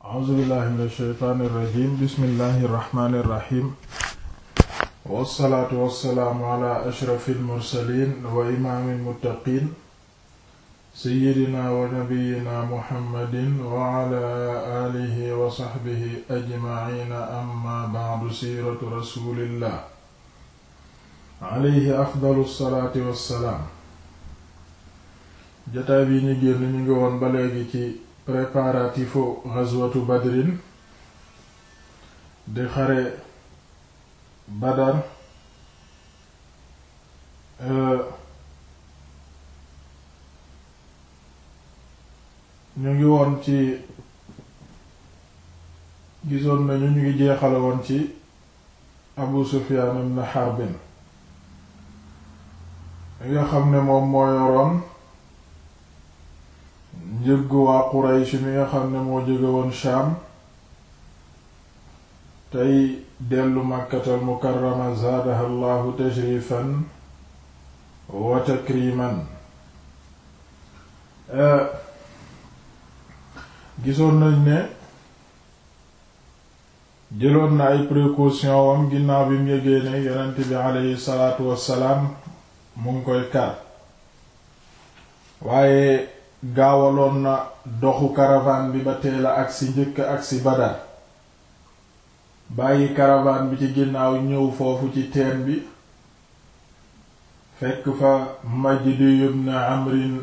a'uuzu billahi min ashaytaani irrajim bismillahi irrahmaani irrahim wassalaatu wassalaamu ala ashrafi almursalin wa imaami almuttaqin seyidina wa nabiyina muhammadin wa ala alihi wa saxbihi ajmaciina amma bacdu siiratu rasulillah alayhi afdalu salaati wassalaam jataay bi ñu génn ñu ngi woon ba léegi ci préparatifu ghazwatu badrin di xare badar euh, ñu ngi woon ci gisoon nañu ñu ngi jeexale woon ci abu sufyan ibn harbin li nga xam ne moom moo yoroon njëgg waa Quraysh mi nga xam ne moo jóge woon Shaam tey dellu Makkatal Mukarrama zaadaha Allahu tashrifan wa euh, gisoon nañ ne jëloon na ay précaution wam ginnaaw bi mu yëgee ne yonent bi aleyhi salaatu wassalaam mu ngi koy kar waaye gaawaloon na doxu caravane bi ba teel ak agsi njëkk agsi Badar bàyyi caravane bi ci ginnaaw ñëw foofu ci teen bi fekk fa Majdi ibn Amrin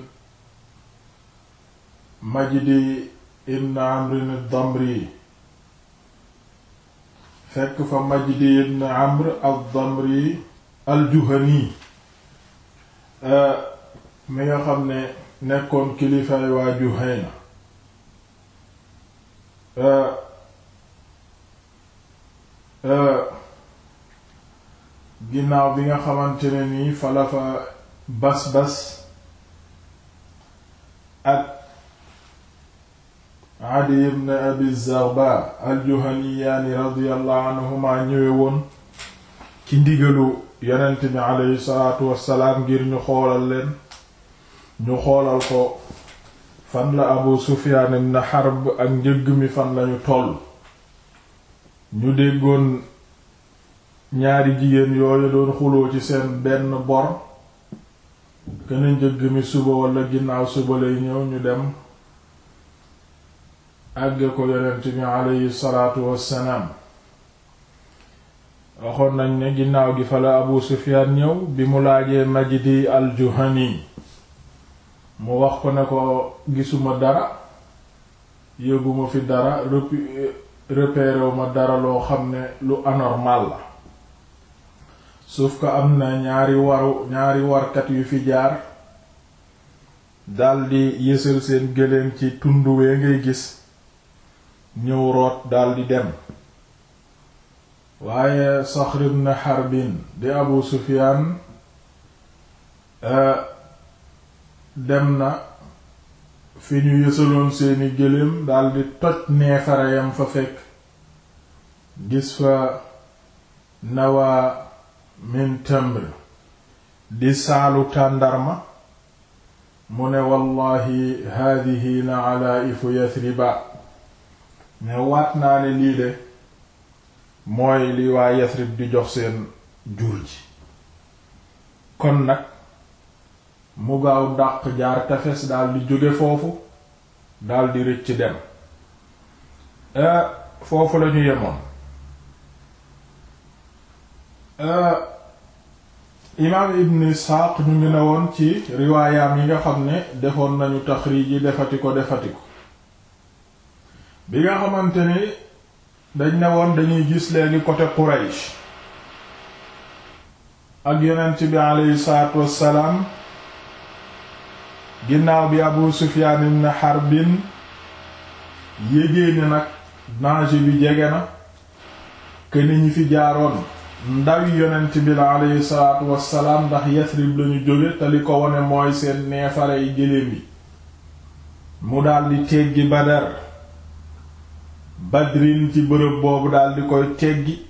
Majdi ibn Amrin ad-Damri fekk fa Majdi ibn Amr ad-Damri al-Juhani euh, mi nga xam ne nekkoon kilifay waa Juhayna euh, euh, ginnaaw bi nga xamante ne nii falafa Basbas ak Adi ibn Abi Zarba al-Juhaniyaani radiyallahu anhuma ñëwee woon ci ndigalu yonent bi aleyhi salaatu wassalaam ngir ñu xoolal leen ñu xoolal ko fan la abu sufiyaan ibn harb ak njëgg mi fan lañu toll ñu déggoon ñaari jigéen yooyu doon xuloo ci seen benn bor kena njëgg mi suba walla ginnaaw suba lay ñëw ñu dem àgge ko yonent bi aleyhi salaatu wassalaam waxoon nañ ne ginnaaw gi fa la abu sufiyaan ñëw bi mu laajee majdi al juhani mu wax ko ne ko gisuma dara yëguma fi dara repéré wu ma dara loo xam ne lu anormal la sauf que am na ñaari waru ñaari warkat yu fi jaar daldi yësal seen gëléem ci tund ngay gis ñëw root daldi dem waaye Saxr ibn Harbin di Abu Sufyaan eh, dem na fi ñu yësaloon seeni gëléem daldi toj neefare yam fa fekk gis fa nawaa min di saalu tàndarma mu ne wallahi haadihi la alaifu yathriba ne waat naa ne lii de mooy li waa yathrib di jox seen jur ji kon nag mu gaaw dàq jaar tefes daldi jóge foofu daldi rëcc dem euh, foofu lañu yemoon euh, imaam ibn isxaaq ñu ngi ne woon ci riwaayaam yi nga xam ne defoon nañu taxriij yi defati ko defati ko bi nga xamante ni dañ ne woon dañuy gis léegi côté Quraysh ak yeneen ci bi aleyhi salaatu wassalaam ginnaaw bi abu sufiyaan ibn harbin yégée ne nag danger bi jege na këni ñi fi jaaroon ndaw yonent bi la aleyhi salaatu wassalaam ndax yasrib lañu jóge te li ko wone mooy seen neefare yi gëléem yi mu daldi teggi badar badrin ci bërëb boobu daldi koy teggi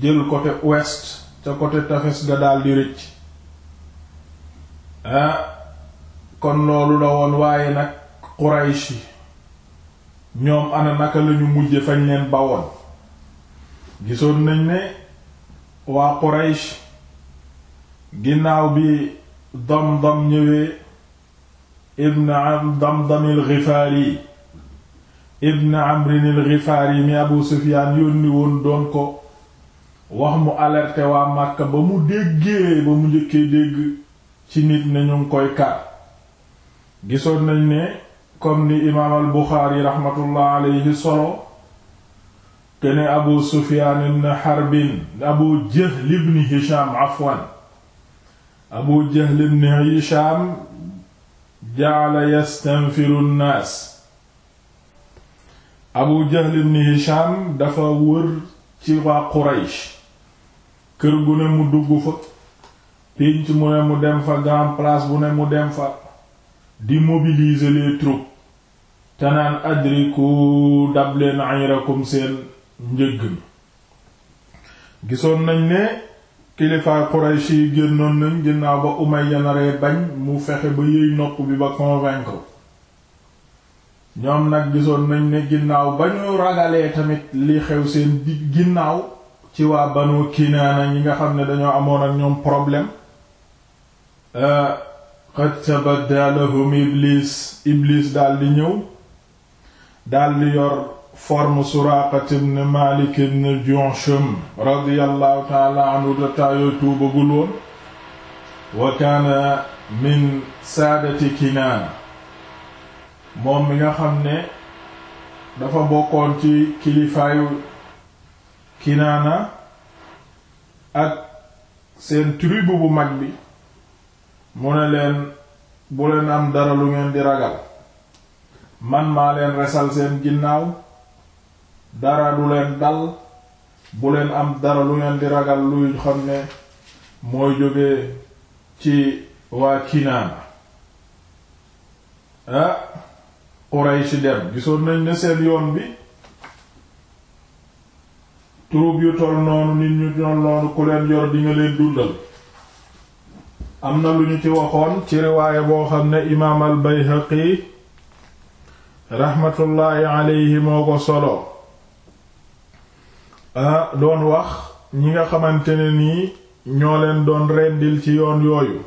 jël côté ouest ca côté tefes ga daldi rëcc ah, kon loolu la woon waaye nag Quraysh yi ñoom ana naka lañu mujje fañ leen bawoon gisoon nañ ne waa Quraysh ginnaaw bi Damdam ñëwee ibn am Damdam al-Ghifari ibn Amrin al-Ghifari mi Abu Sufyan yónni woon doon ko wax mu alerte waa Makka ba mu déggee ba mu njëkkee dégg ci nit ñu koy kar gisoon nañ ne comme ni imaam al buxaari raxmatullah alayhi solo kene abu sufiyaan ibn harbin abu jahl ibn hisham afwan abu jahl ibn hisham jaala yastanfiru abu jahl ibn hisham dafa wër ci waa quraysh kër gu ne mu dugg fa pinc mu ne mu dem fa grand place bu ne mu dem fa di mobiliser les troupes te naan adriku dab leen ayrakum seen njëgg mi gisoon nañ ne kilifaay Quraysh yi génnoon nañ ginnaaw ba Umayya naree bañ mu fexe ba yëy nopp bi ba convaincre ñoom nag gisoon nañ ne ginnaaw ba ñu ragalee tamit li xew seen di ginnaaw ci waa Banu Kinaana ñi nga xam ne dañoo amoon ak ñoom problème euh, qad tabadda lahum iblis iblis daldi ñëw daldi yor forme Suraaqa ibn Maalik ibn Ju'shum radiyallahu ta'ala anhu da taayoo tuubagul wa kaana min saadati Kinaana moom mi nga xam ne dafa bokkoon ci kilifaayu Kinaana ak seen tribu bu mag bi mu ne leen bu leen am dara lu ngeen di ragal man maa leen resal seen ginnaaw dara du leen dal bu leen am dara lu ngeen di ragal luy xam ne mooy jóge ci waa Kinaana ah Quraysh dem gisoon nañ ne seen yoon bi troupe yu toll noonu nit ñu toll noonu ku leen yor di nga leen dundal am na lu ñu ci waxoon ci riwaaya boo xam ne imaam al bayhaqi raxmatullaahi aleyhi moo ko solo a doon wax ñi nga xamante ne nii ñoo leen doon rendil ci yoon yooyu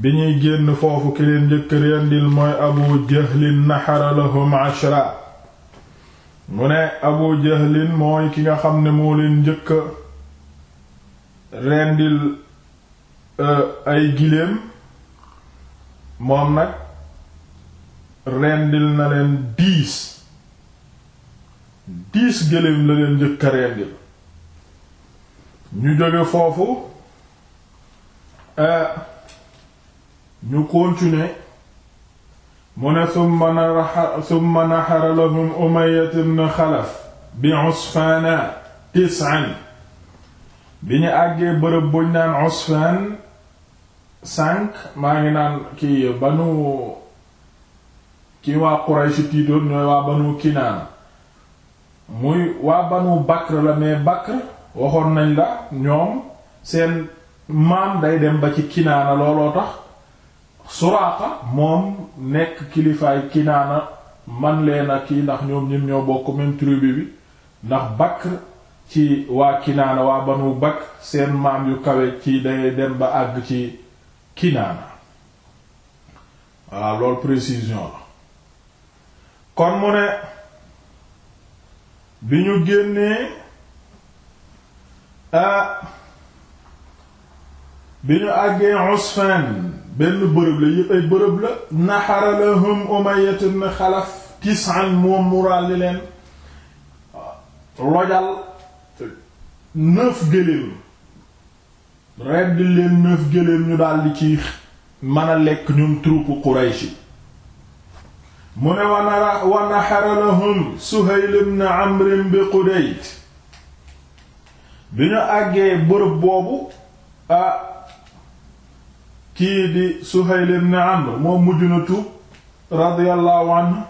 bi ñuy génn foofu ki leen njëkk rendil mooy abu jahlin naxara lahum ashra mu ne abu jahlin mooy ki nga xam ne moo leen njëkk rendil Euh, ay giléem moom rendil na leen dix dix gëléem la leen njëkka rendil ñu jóge foofu euh, ñu continuer mu ne summa naxara summa naxara lahum Umayya ibn Xalaf bi Usfaana bi ñu àggee bërëb buñ naan Usfan sànq maa ngi naan kii banu ki waa Quraysh tiitoon ñooy waa banu Kinaana muy waa banu Bakr la mais Bakr waxoon nañ la ñoom seen maam day dem ba ci Kinaana looloo tax Suraaqa moom nekk kilifaay Kinaana man leen a kii ndax ñoom ñim ñoo bokk même tribu bi ndax Bakr ci waa Kinaana waa Banu Bakk seen maam yu kawe ci day dem ba àgg ci Kinaana voilà loolu précision la kon mu ne bi ñu génnee ah bi ñu àggee Usfan benn bërëb la yépp ay bërëb la naxara lahum Umayya ibn Xalaf tis'an moom mu ràlli lojal neuf gëléem redd leen neuf gëléem ñu daldi ci mën lekk ñun troupe Quraysh mu ne wana wanaxara lahum Suhayl ibn Amr bi Qudayt bi ñu àggee bërëb boobu ah kii di Suhayl ibn Amr moom mujj na tuub radiyallahu anhu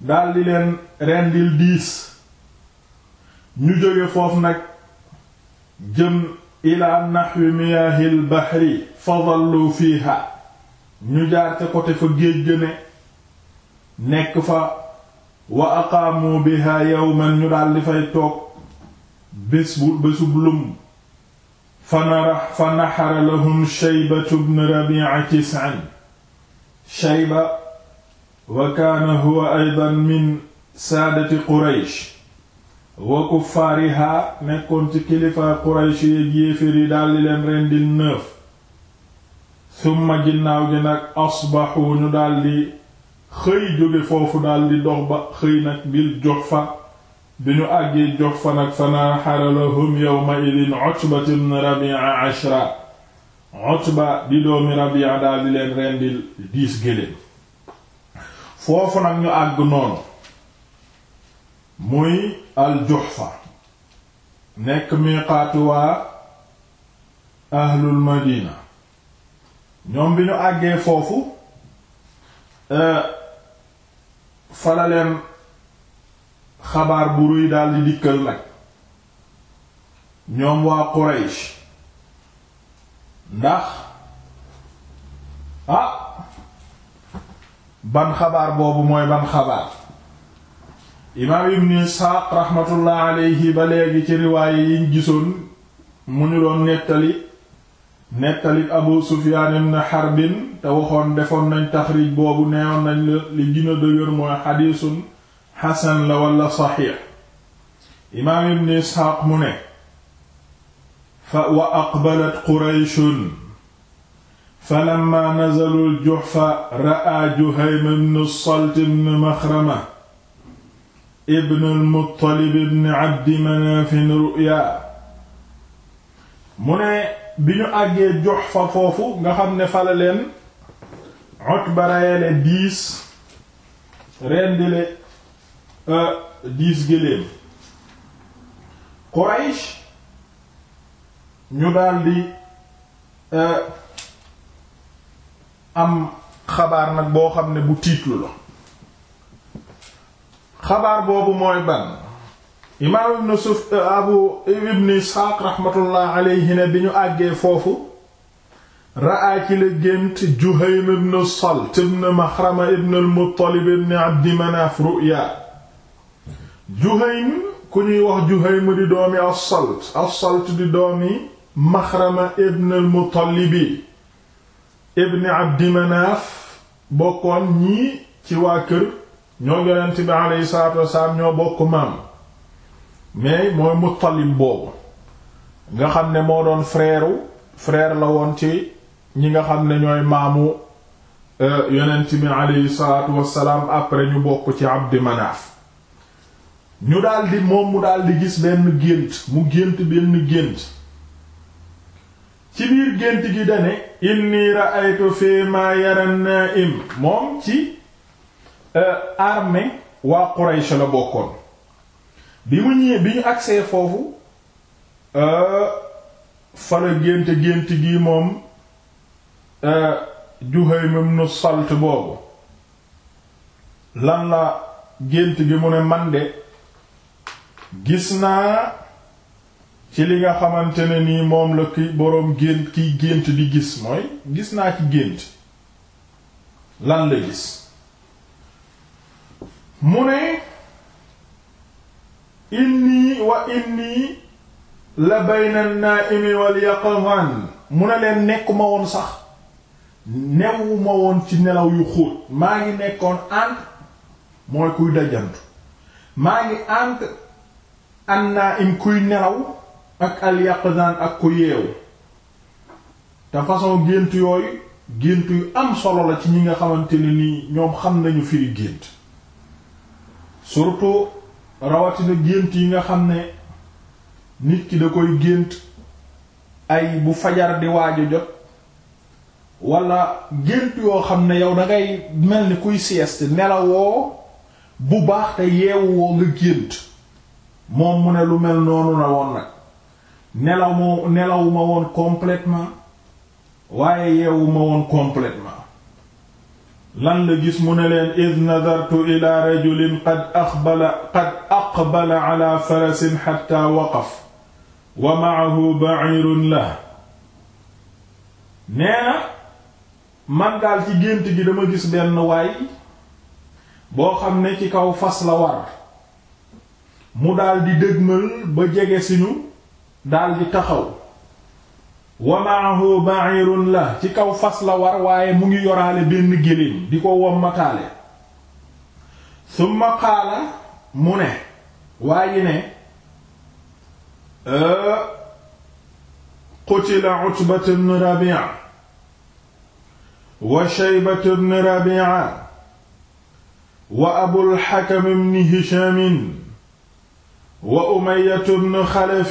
daldi leen rendil diis ñu jóge foofu nag jëm ila nahwi miyaahil bahri fadallu fiiha ñu jaar ca côté fa géej gëne nekk fa wa aqaamu biha yawman ñu daal di fay toog bés bu bésub lum fa naxara lahum shaybatu bnu rabi'a tis'an shayba wa kaana huwa aydan min saadati quraysh wa kuffaariha nekkoon ci kilifa Quraysh yeeg yéefér yi daldi leen rendil neuf summa ginnaaw gi nag asbaxu ñu daldi xëy jóge foofu daldi dox ba xëy nag bil Juhfa bi ñu àggee Juhfa nag fanaaxara lahum yawma idin Utba Rabi'a ashra Utba di doomi Rabi'a daldi leen rendil dix gëléem foofu nag ñu àgg noonu muy aljuxfa nekk miiqaatu waa ahlul madina ñoom bi ñu àggee foofu euh, fala leen xabaar bu ruy daldi dikkal nag ñoom waa Quraysh ndax ah ban xabaar boobu mooy ban xabaar imaam ibni isxaaq raxmatullah ba léegi ci riwaaye yiñ gisoon mu ñu doon nettali nettali abu sufyaan ibn xarbin te waxoon defoon nañ taxriij boobu neewoon nañ li gën dëgër mooy xadiisun xasan la wala saxiix imaam ibni isxaaq mu ne wa aqbalat qurayshun falamma nazalu al ra'a juhaym ibn salt maxrama ibnul muttalib ibn abdi manafin ruya mu ne bi ñu àggee jox fa foofu nga xam ne fala leen ba rayele diis rendile euh, diis géléem Quraysh ñu daldi euh, am xabaar nag boo xam ne bu tiitlu la xabaar boobu mooy ban imaam ibn suf abu ibn isxaaq raxmatullah alayhi ne bi ñu àggee foofu ra'a ci la juhaym ibn salt ibn maxrama ibn muttalib ibn abdi manaaf ru'ya juhaym ku ñuy wax juhaym di doomi as-salt as-salt di doomi maxrama ibn al-muttalibi ibn abdi manaaf bokkoon ñii ci waa kër ñoo yonent bi aleyhi salaatu wasalaam ñoo bokk maam mais mooy Muttalib boobu nga xam ne moo doon frère freer la woon ci ñi nga xam ne ñooy maamu euh, yonent bi aleyhi salaatu wasalaam après ñu bokk ci Abdi Manaaf ñu daldi moom mu daldi gis benn gént mu gént benn gént ci biir gént gi dane inni ra'aytu fi ma yara na'im moom ci Euh, armée waa Quraysh la bokkoon bi mu ñëwee bi ñu agsee foofu euh, fala gént gént gi moom euh, Juhaym ibn Salt boobu lan la gént gi mu ne man de gis naa ci li nga xamante ne nii moom la ki boroom gént kiy gént di gis mooy gis naa ci gént lan la gis mu ne inni wa inni la bayna an-na'imi wal yaqzan mu ne leen nekkuma woon sax newuma woon ci nelaw yu xóot maa ngi nekkoon entre mooy kuy dajantu maa ngi entre an-na'im kuy nelaw ak al yaqzan ak ku yeewu te façon gént yooyu gént yu am solo la ci ñi nga xamante ne nii ñoom xam nañu firi gént surtout rawatina gént yi nga xam ne nit ki da koy gént ay bu fajar di waaju jot wala gént yoo xam ne yow dangay mel ni kuy sieste nelawoo bu baax te yeewoo nga gént moom mu ne lu mel noonu na woon nag nelaw moo nelawu woon complètement waaye yeewu ma woon complètement lan la gis mu ne leen id nadartu ila rajulin qad aqbala qad aqbala wa maahu ba'irun la nee na man daal ci gént gi dama gis benn waay boo xam ne ci kaw fas la war mu daal di dëgmal ba jege dal ñu di taxaw wa maahu ba'irun la ci kaw fas la war waaye mu ngi yoraale benn géléem di ko wommataale summa qaala mu ne waaye ne qutila Utbatu bnu Rabi'a wa Shaybatu bnu Rabi'a wa Abul Hakam bnu Hishaam wa Umayyatu bnu Xalaf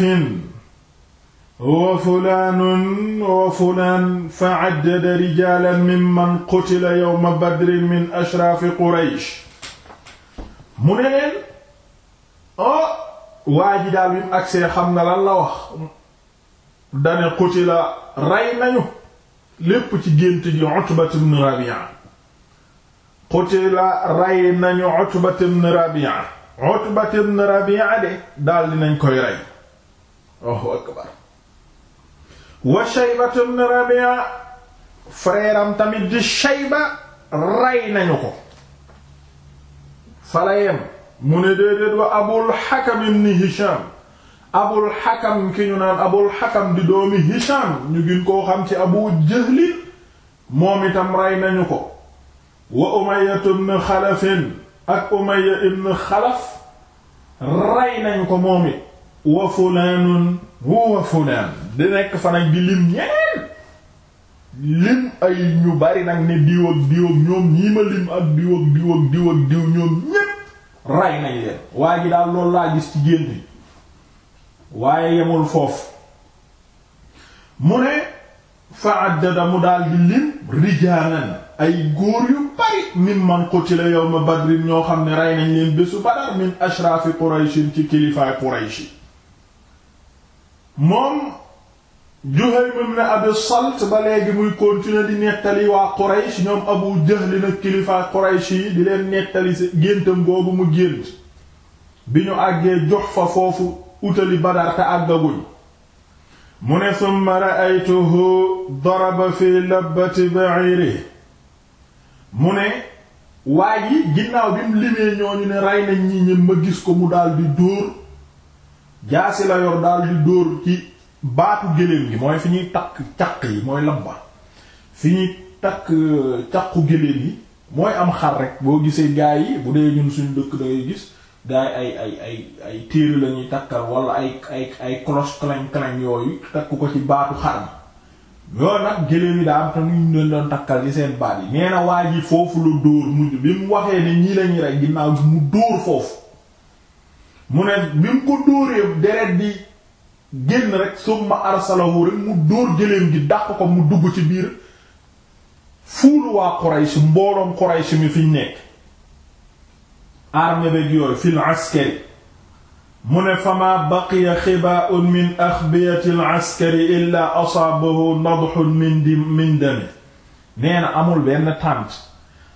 wa fulaanun wa fulaan fa caddada rijaalan mimman qutila yawma badrin min ashraafi quraysh mu ne leen oh waa ji daal bi mu agsee xam na lan la wax dane qutila rey nañu lépp ci gént gi Utba ibn Rabi'a qutila rey nañu Utba ibn Rabi'a Utba ibn Rabi'a de daal dinañ koy rey Allahu akbar wa Shaybatu ibn Rabi'a frère tamit di Shayba rey nañu ko falayem mu ne déedéet wa Abul Hakam ibn Hisham Abul Hakam ki ñu naan Abul Hakam di doomi Hisham ñu gën koo xam ci Abu Jahl moom itam rey nañu ko wa Umayya ibn Khalaf ak Umayya ibn Khalaf rey nañu ko moom it wa fulaan di nekk fa nag di lim ñeen lim ay ñu bari nag ne diw ak diw ak ñoom ñii ma lim ak diw ak diw ak diw ñoom ñépp ray nañ leen waa ji daal loolu laa gis ci gént bi waaye yemul foofu mu ne fa addada mu daal di lim rijaalan ay góor yu bari mimman qutila yawma badrin ñoo xam ne rey nañ leen bésu badar min ashraafi qurayshin ci kilifaay qurayshi moom Juhaym ibn Abi Salt ba léegi muy continuer di nettali waa Quraysh ñoom Abu Jahl nag kilifa Quraysh yi di leen nettali géntam googu mu gént bi ñu àggee Juhfa foofu utali Badar te àggaguñ mu ne summa ra'aytuhu daraba fi labbati ba'iri mu ne waa yi ginnaaw bi mu limee ñooñu ne rey nañ ñi ma gis ko mu daldi dóor jaasi la yor daldi dóor ci baatu géléem gi mooy fi ñuy takk caq yi mooy labba fi ñuy takk euh, caqu géléem yi mooy am xar rek boo gisee gaay yi bu dee ñun suñu dëkk da gis gaay ay ay ay ay téere la ñuy takkal wala ay ay ay cloche clang yooyu takk ko ci baatu xar mi yooyu nag géléem yi daa am tam ñu doon takkal ci seen baat yi nee na waa foofu la dóor mujj bi mu waxee ne ñii la rek ginnaaw mu dóor foofu mu ne bi mu ko dóoree deret bi génn rek summa arsalahu rek mu dóor jëleen gi dàq ko mu dugg ci biir fuulu waa Quraysh mbooloom Quraysh mi fiñ nekk armée beg yooyu fil askari mu ne fama baqiya xibaa'un min axbiyati al askari illaa asaabahu nadhun min di min amul benn tànt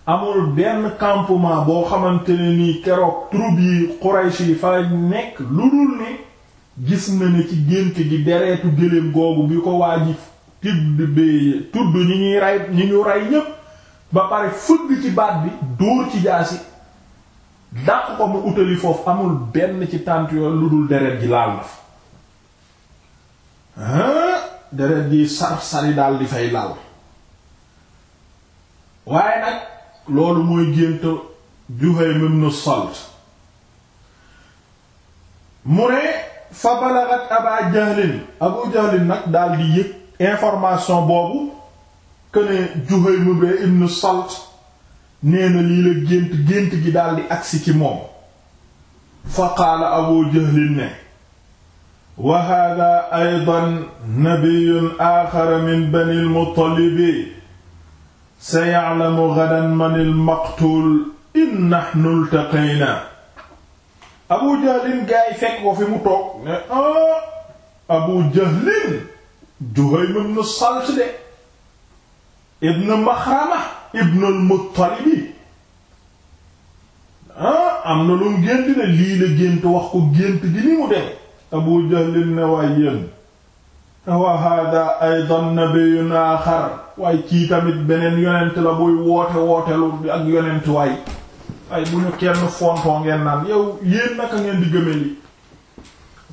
amul benn campement boo xamante ne nii keroog troupe nekk lu dul gis na ne ci gént gi dereetu gëléem googu bi ko waa ji tibbee tudd ñi ñuy rey ñi ñu rey ñépp ba pare fëgg ci baat bi dóor ci jaasi dàq ko mu utali foofu amul benn ci tànt yooyu lu dul deret ji laal na fa deret ji sar-sari daal di fay laal waaye nag loolu mooy gént Juhaym ibn Salt mu ne fa balagat aba jahlin abu jahlin nag daal di yëg information boobu que ne Juhaym ibn Salt nee na lii la gént gént gi daal di agsi ci moom fa qaala abu jahlin ne wa hada aydan nabiyun axar min bani al-Muttalibi saya'lamu ghadan man al-maqtul in nahnu iltaqayna abu jahlin gaa fekk ko fi mu toog ne ah, abu jahlin Juhaym ibn Salt de ibn Maxrama ibn al-Muttalibi ah, am na lu mu gént ne lii la gént wax ko gént gi ni mu dem abu jahlin ne waa yéen wa hada aydan nabiyyun axar waaye kii tamit beneen yonent la buy woote woote lu ak yonent waay ay bu ñu kenn fontoo ngeen naan yow yéen naka ngeen di gëme li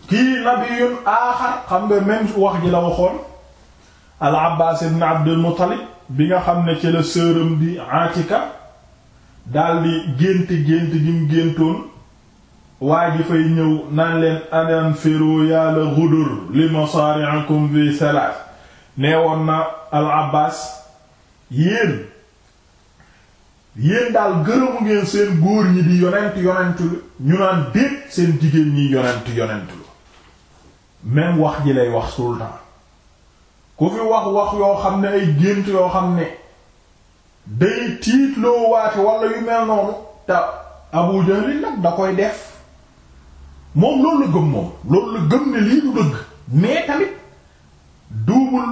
kii nabiyun aaxar xam nga même wax ji la waxoon al abbaas ibn abdul muttalib bi nga xam ne ci la sëram di atika daldi gént gént gi mu géntoon waa ji fay ñëw naan leen anan fero yàlla xudur li masaari'akum fi salaat nee woon na al abbaas yéen yéen daal gërëmu ngeen seen góor ñi di yonent yonent ñu naan déet seen jigéen ñi yonent yonent lu même wax ji lay wax sultan ku fi wax wax yoo xam ne ay gént yoo xam ne day tiit loo waate wala yu mel noonu te Abu Jahl nag da koy def moom loolu la gëm moom loolu la gëm ne lii du dëgg mais tamit double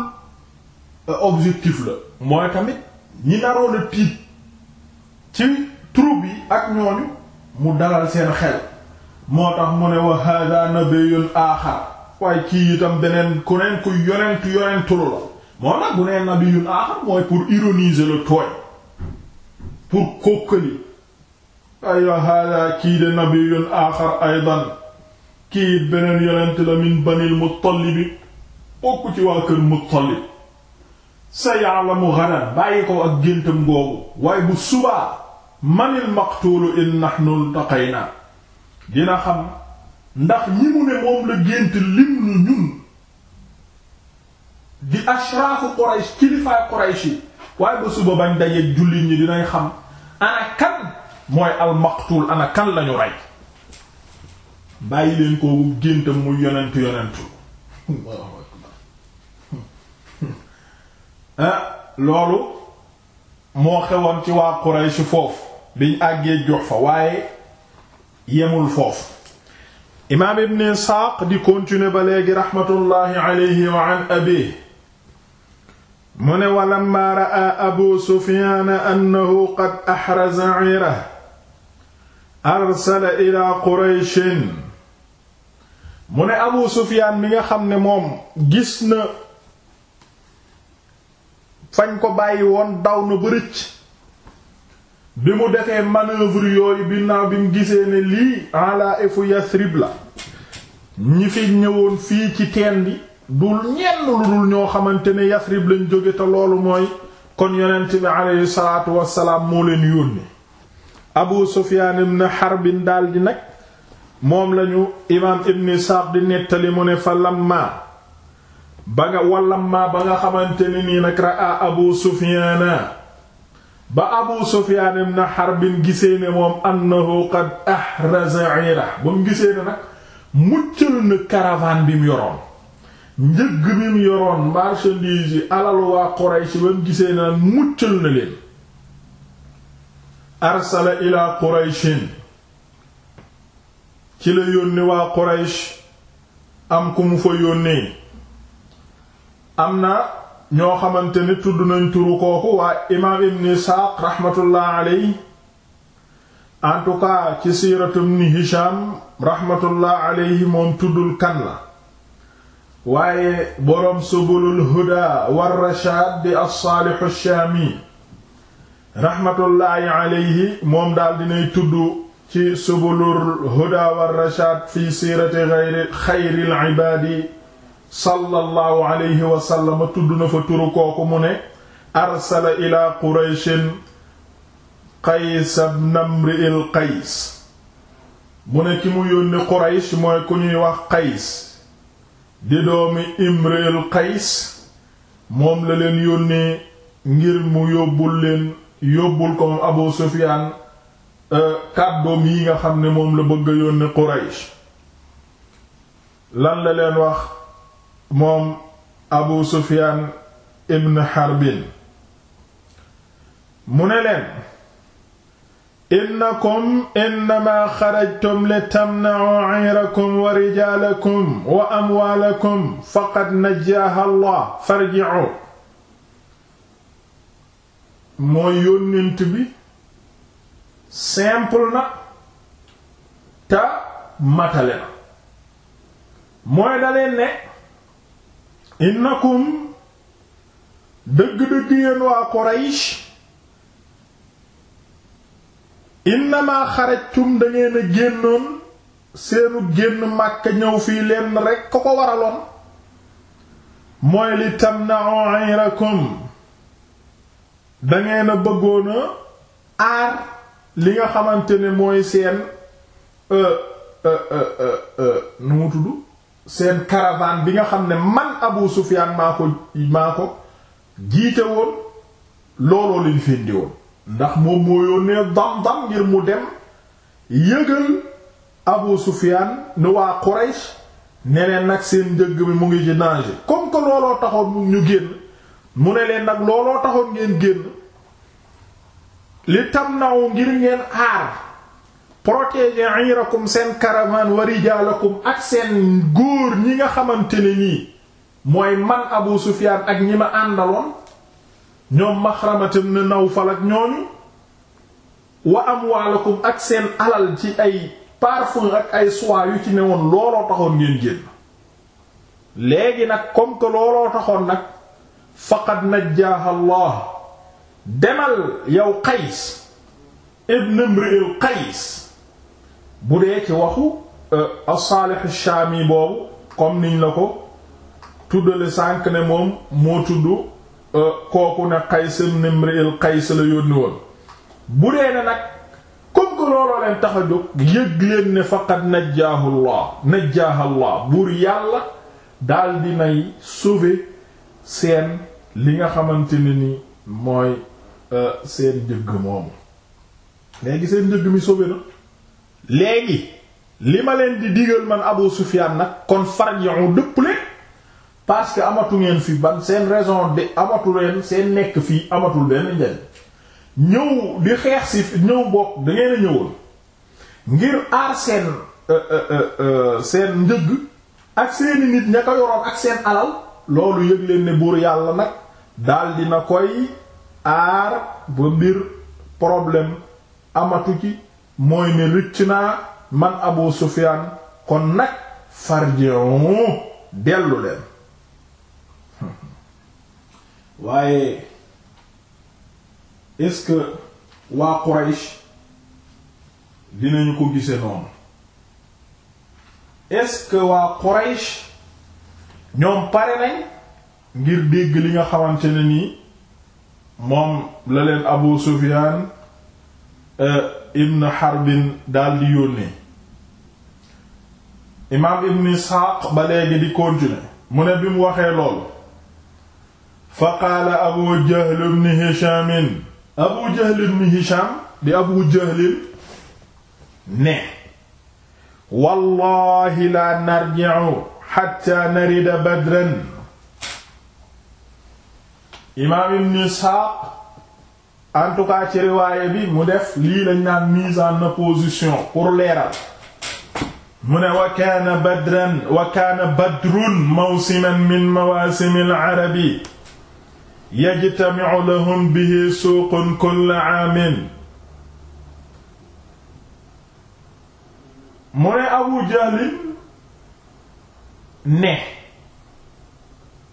euh, objectif la mooy tamit ñi naroon a tiit ci troupe ak ñooñu mu dalal seen xel moo tax mu ne wa hada nabiyyun aaxar waaye kii itam beneen ku neen ku yonent yonentu la moo nag bu nee nabiyyun aaxar mooy pour ironiser le tooy pour kókkali ay wa hada kii de nabiyyun aaxar aydan kii it beneen yonent la min banil muttalibi bokk ci waa kër muttalib sa ya'lamu ghadan bàyyi ko ak géntam googu waaye bu subaa manil maqtuulu in nahnu iltaqaynaa dina xam ndax ñi mu ne moom la gént lim nu ñun di ashraafu Quraysh kilifaay Quraysh yi waaye ba suba bañ dajeeg jullit ñi dinañ xam ana kan mooy almaqtuul ana kan lañu rey bàyyi leen koo géntam mu yonentu yonentu ah, loolu moo xewoon ci waa Quraysh foofu biñ àggee jox fa waaye yemul foofu imaam ibn isxaaq di continuer ba léegi raxmatullaahi alayhi wa an abi mu ne walamma ra'a abu sufyaan annahu qad axraza ciirahu arsala ilaa qurayshin mu ne abu sufyaan mi nga xam ne moom gis na fañ ko bàyyi woon daw na bërëcc bi mu defee manœuvre yooyu binnaaw bi mu gisee ne lii ala efu Yasrib la ñi fi ñëwoon fii ci teen bi dul ñenn lu ñoo xamante ne Yasrib lañ jóge te loolu mooy kon yonent bi aleyhi salaatu wassalaam moo leen yónni Abu Sufyaan ibn Harb daldi nag moom lañu imaam ibn Isaaq di nettali mu ne fa lamma ba nga wallammaa ba nga xamante ne nii nag raa Abu Sufyaana ba abu sufyaan ibn harbin gisee ne moom annahu qad ahraza ila ba mu gisee ne nag muccal na caravane bi mu yoroon njëgg bi mu yoroon marchandise alal waa quraysh ba mu gisee ne muccal na leen arsala ila qurayshin ci la yónni waa quraysh am ku mu fa yónnee am na ñoo xamante ni tudd nañ turu kooku waa imaam ibn Isaaq rahmatullah aleyhi en tout cas ci siiratum ni Hisham rahmatullah aleyhi moom tuddul kan la waaye boroom subulul huda war rashaad di as-Saalih ash-Shaami rahmatullaahi aleyhi moom daal dinay tudd ci subulul huda war rashaad fi siirati xayri xayril ibaadi sallallahu alayhi wa tudd na fa turu kooku mu ne arsala ila qurayshin qays ibn amri al qays mu ne ki mu yónni quraysh mooy ku ñuy wax qays di doomi imri al qays moom la leen yónnee ngir mu yóbbul leen yóbbul ko moom abu sufyaan euh, kàddoom yi nga xam ne moom la bëgg a yónni quraysh lan la leen wax moom abu sufiyaan ibn harbin mu ne leen innakum innama xarajtum li tamna'u 'ayrakum wa rijaalakum wa amwaalakum faqad najjaaha allah mooy yónnent bi simple na te matale na mooy daleen ne innakum dëgg-dëgg yéen waa Quraysh innama xarajtum da ngeen génnoon seenu génn Makka ñëw fii leen rekk ko ko waraloon mooy li tamna'u 'ayrakum da ngeen a bëggoon a aar li nga xamante ne mooy seen euh, euh, euh, nu mu seen caravane bi nga xam ne man Abu Sufyaan maa ko maa ko jiite woon looloo leen féndi woon ndax moom moo yónnee Damdam ngir mu dem yëgal Abu Sufyaan ne waa Quraysh ne nag seen njëgg mi mu ngi ci danger comme que looloo taxoon ñu génn mu ne leen nag looloo taxoon ngeen génn li tam naw ngir ngeen aar protéger irakum seen caravane wa rijaalakum ak seen góor ñi nga xamante ni nii mooy man Abu Sufyaan ak ñi ma àndaloon ñoom maxramatam na Nawfal ak ñooñu wa amwaalakum ak seen alal ci ay parfum ak ay soie yu ci newoon looloo taxoon ngeen génn léegi nag comme que looloo taxoon nag faqad najjaaha Allah demal yow Qays ibn Imril Qays bu dee ci waxu euh, as-Salih ash boobu comme niñ la ko tuddale sànq ne moom moo tudd euh, kooku ne Qays ibn Imri al-Qays la yónni woon bu dee ne nag comme que leen tax a jóg yëg leen ne faqad najjaahu Allah najjaahu Allah buur yàlla daal di nay sauver seen li nga xamante ne ni mooy euh, seen njëgg moomu léegi seen njëgg mi sauver na léegi li ma leen di digal man Abu Sufyaan nag kon farji'u dëpple parce que amatu ngeen fi ban seen raison de amatu leen seen nekk fii amatul benn njariñ ñëw di xeex si ñëw bokk da ngeen ñëwoon ngir aar seen euh, euh, euh, seen njëgg ak seeni nit ña ko ak seen alal loolu yëg leen ne buur yàlla nag daal na koy aar ba mbir problème amatu ci mooy ne rëcc naa man Abu Sufyaan kon nag farji'u dellu leen waaye est-ce que waa Quraysh dinañu ko gise noonu est-ce que waa Quraysh ñoom pare nañ ngir dégg li nga xamante ne nii moom la leen Abu Sufyaan Eh, ibn Harbin daldi yónnee imaam ibn Isxaaq ba léegi di continuer mu ne bi mu waxee loolu fa qaala Abu Jahl ibn Hisham Abu Jahl ibn Hisham di Abu Jahl ne wallaahi laa narji'u xatta narida badran en tout cas ci riwaaye bi mu def lii lañ naan mise en opposition pour leeral mu ne wa kaana badran wa min mawaasim al-arabi yajtami'u lahum bihi suuqun kulla 'aamin mu ne Abu Jahl ne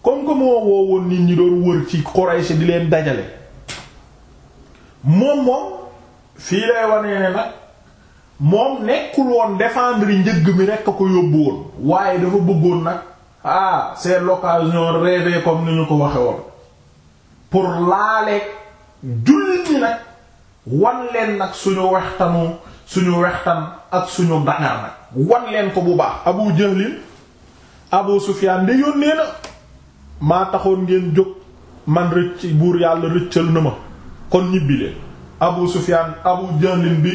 comme que moo woowoon wër ci Quraysh di leen dajale moom moom fii lay wane ne nag moom nekkul woon défendre njëgg mi rekk ko yóbbu woon waaye dafa bëggoon nag ah c'est l'occasion rêvée comme ni ñu ko waxe woon pour laaleeg jullit ñi nag wan leen nag suñu wextanu suñu wextan ak suñu dangar nag wan leen ko bu baax Abu Jahlin Abu Sufyaan de yónnee na maa taxoon ngeen jóg man rëcc buur yàlla rëccal na ma kon ñibbi leen abu sufyaan abu jahlin bi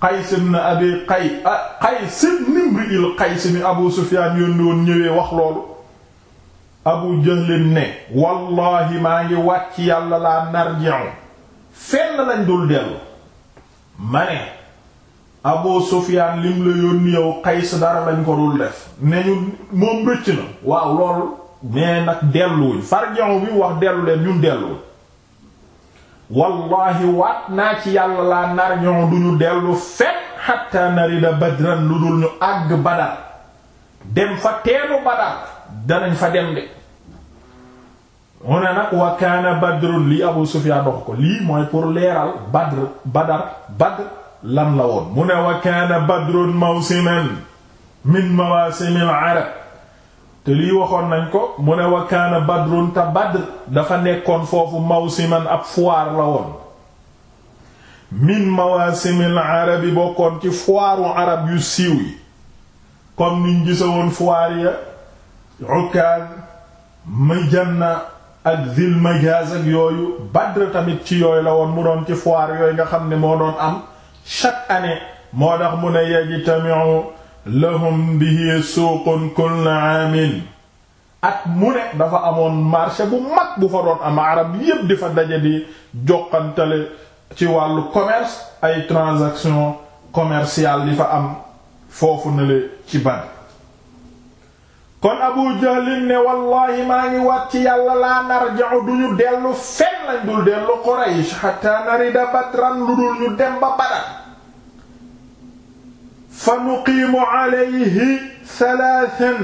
qays ibn abi qay ah, qays ibn imri il qays mi abu sufyaan yónni woon ñëwee wax loolu abu jahlin ne wallahi maa ngi wàcc yàlla laa narji'u fenn lañ dul dellu ma ne abu sufyaan lim la yónni yow qays dara lañ ko dul def ne ñu moom bëcc na waaw loolu mais nag delluwuñ farji'u bi wax dellu ñun delluwuñ wallahi waat naa ci yàlla laa nar ñoo duñu dellu fet xatta narida badran lu dul ñu àgg badar dem fa teenu badar danañ fa dem de mu nag wa kaana badrun lii abu sufiyaan dox ko lii mooy pour leeral badr badr lan la woon mu ne wa kaana badrun mawsiman min mawaasimil arab te lii waxoon nañ ko mu ne wa badrun te badr dafa nekkoon foofu mawsiman ab foire la woon min mawaasimil arabi bokkoon ci foiru arab yu siiw yi comme niñ gisa woon foire ya Ukaaz Majanna ak Zil Majaaz yooyu Badr tamit ci yooyu la woon mu doon ci foire yooyu nga xam ne moo doon am chaque année moo tax mu ne yajtami'u lahum bihi suuqun kulla aamin at mu ne dafa amoon marché bu mag bu fa doon am arab yépp di fa daje di joqantale ci wàllu commerce ay transaction commerciale di fa am foofu na ci ban kon abu jahlin ne wallahi maa ngi waat ci yàlla laa narja'u duñu dellu fen lañ dul dellu quraysh hatta narida batran lu dul ñu dem ba badar fa nuqiimu alayhi salaatan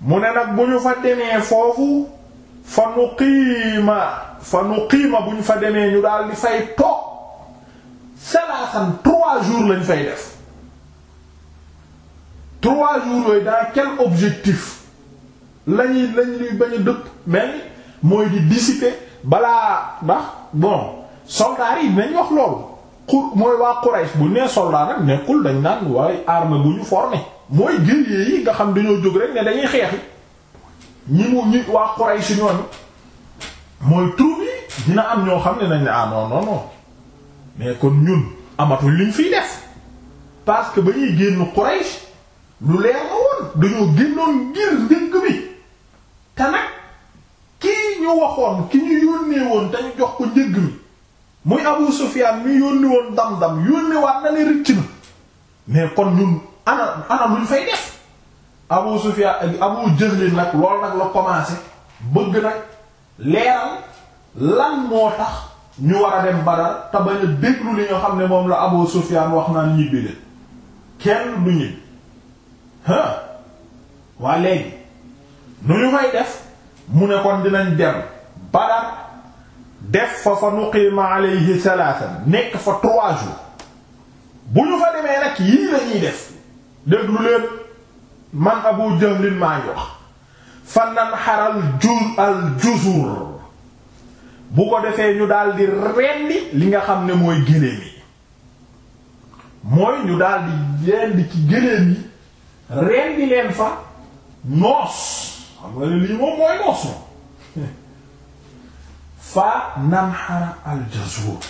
mu ne nag bu ñu fa demee foofu fa nuqiima fa nuqiima bu ñu fa demee ñu daal di fay toog salaatan trois jours lañ fay def trois jours yooyu dans quel objectif lañuy lañuy bañ a dëpp mel mooy di dissiper balaa ndax bon soldats yi dinañ wax loolu xur mooy waa Quraysh bu nee soldat nag nekkul dañ naan waaye arme bu ñu formé mooy guerrier yi nga xam dañoo jóg rek ne dañuy xeexi ñi mu ñi waa Quraysh ñooñu mooy troupe yi dina am ñoo xam ne nañ ne ah non non kon ñun amatul liñ fiy def parce que ba ñuy génn Quraysh lu leer woon dañoo génnoon ngir ndëgg bi te nag kii ñu waxoon ki ñu yónnee woon te jox ko njëgg mi muy Abu Sufyaan mi yónni woon dam-dam yónni waat na ne rëcc na mais kon ñun ana ana luñ fay def Abu Sufyaan Abu Jahl nag loolu nag la commencé bëgg nag leeral lan moo tax ñu war a dem Badar te bañ a li nga xam ne moom la Abu Sufyaan wax naan ñibbi de kenn du ñibbi ah waa léegi nu ñu fay def mu ne kon dinañ dem Badar. def fa fa nuqiima alayhi salaatan nekk fa trois jours bu ñu fa demee nag yii la ñuy def déglu leen man Abu Jahlin maa ngi wax fa nanxaral juz al juzur bu ko defee ñu daal rendi li nga xam ne mooy gëléem yi mooy ñu daldi di ci gëléem yi rendi leen fa noos xam nga ne lii moom mooy noos moom fa nanxara aljazur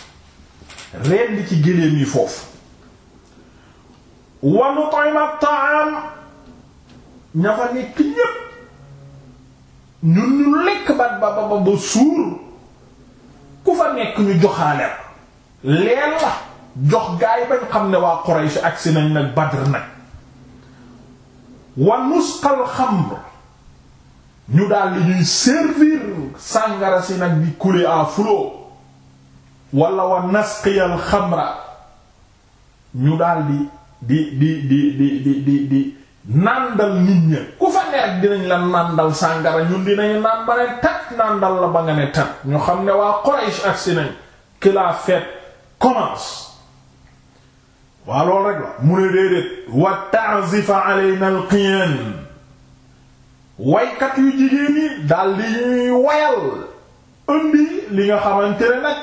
rendi ci géléem yi foofu wa nut'ima ta'am ña fa nekk ñépp ñun ñu lekk ba ba ba ba suur ku fa nekk ñu joxaale leer la jox gaay bañ xam ne waa Quraysh agsi nañ nag Badr nag wa nusqal xamr ñu daal li ñuy servir sàngara si nag di couler à flot wala wa nasqiyal xamra ñu daal di di di di di di nàndal nit ña ku fa nekk dinañ la nàndal sàngara ñun dinañ naan tat nàndal la ba nga ne tat ñu xam ne waa Quraysh ak si nañ que la fête waa loolu rek la mu ne déedéet wa ta'zifa alayna al waykat yu jigéen yi daal li ñuy wayal indi li nga xamante ne nag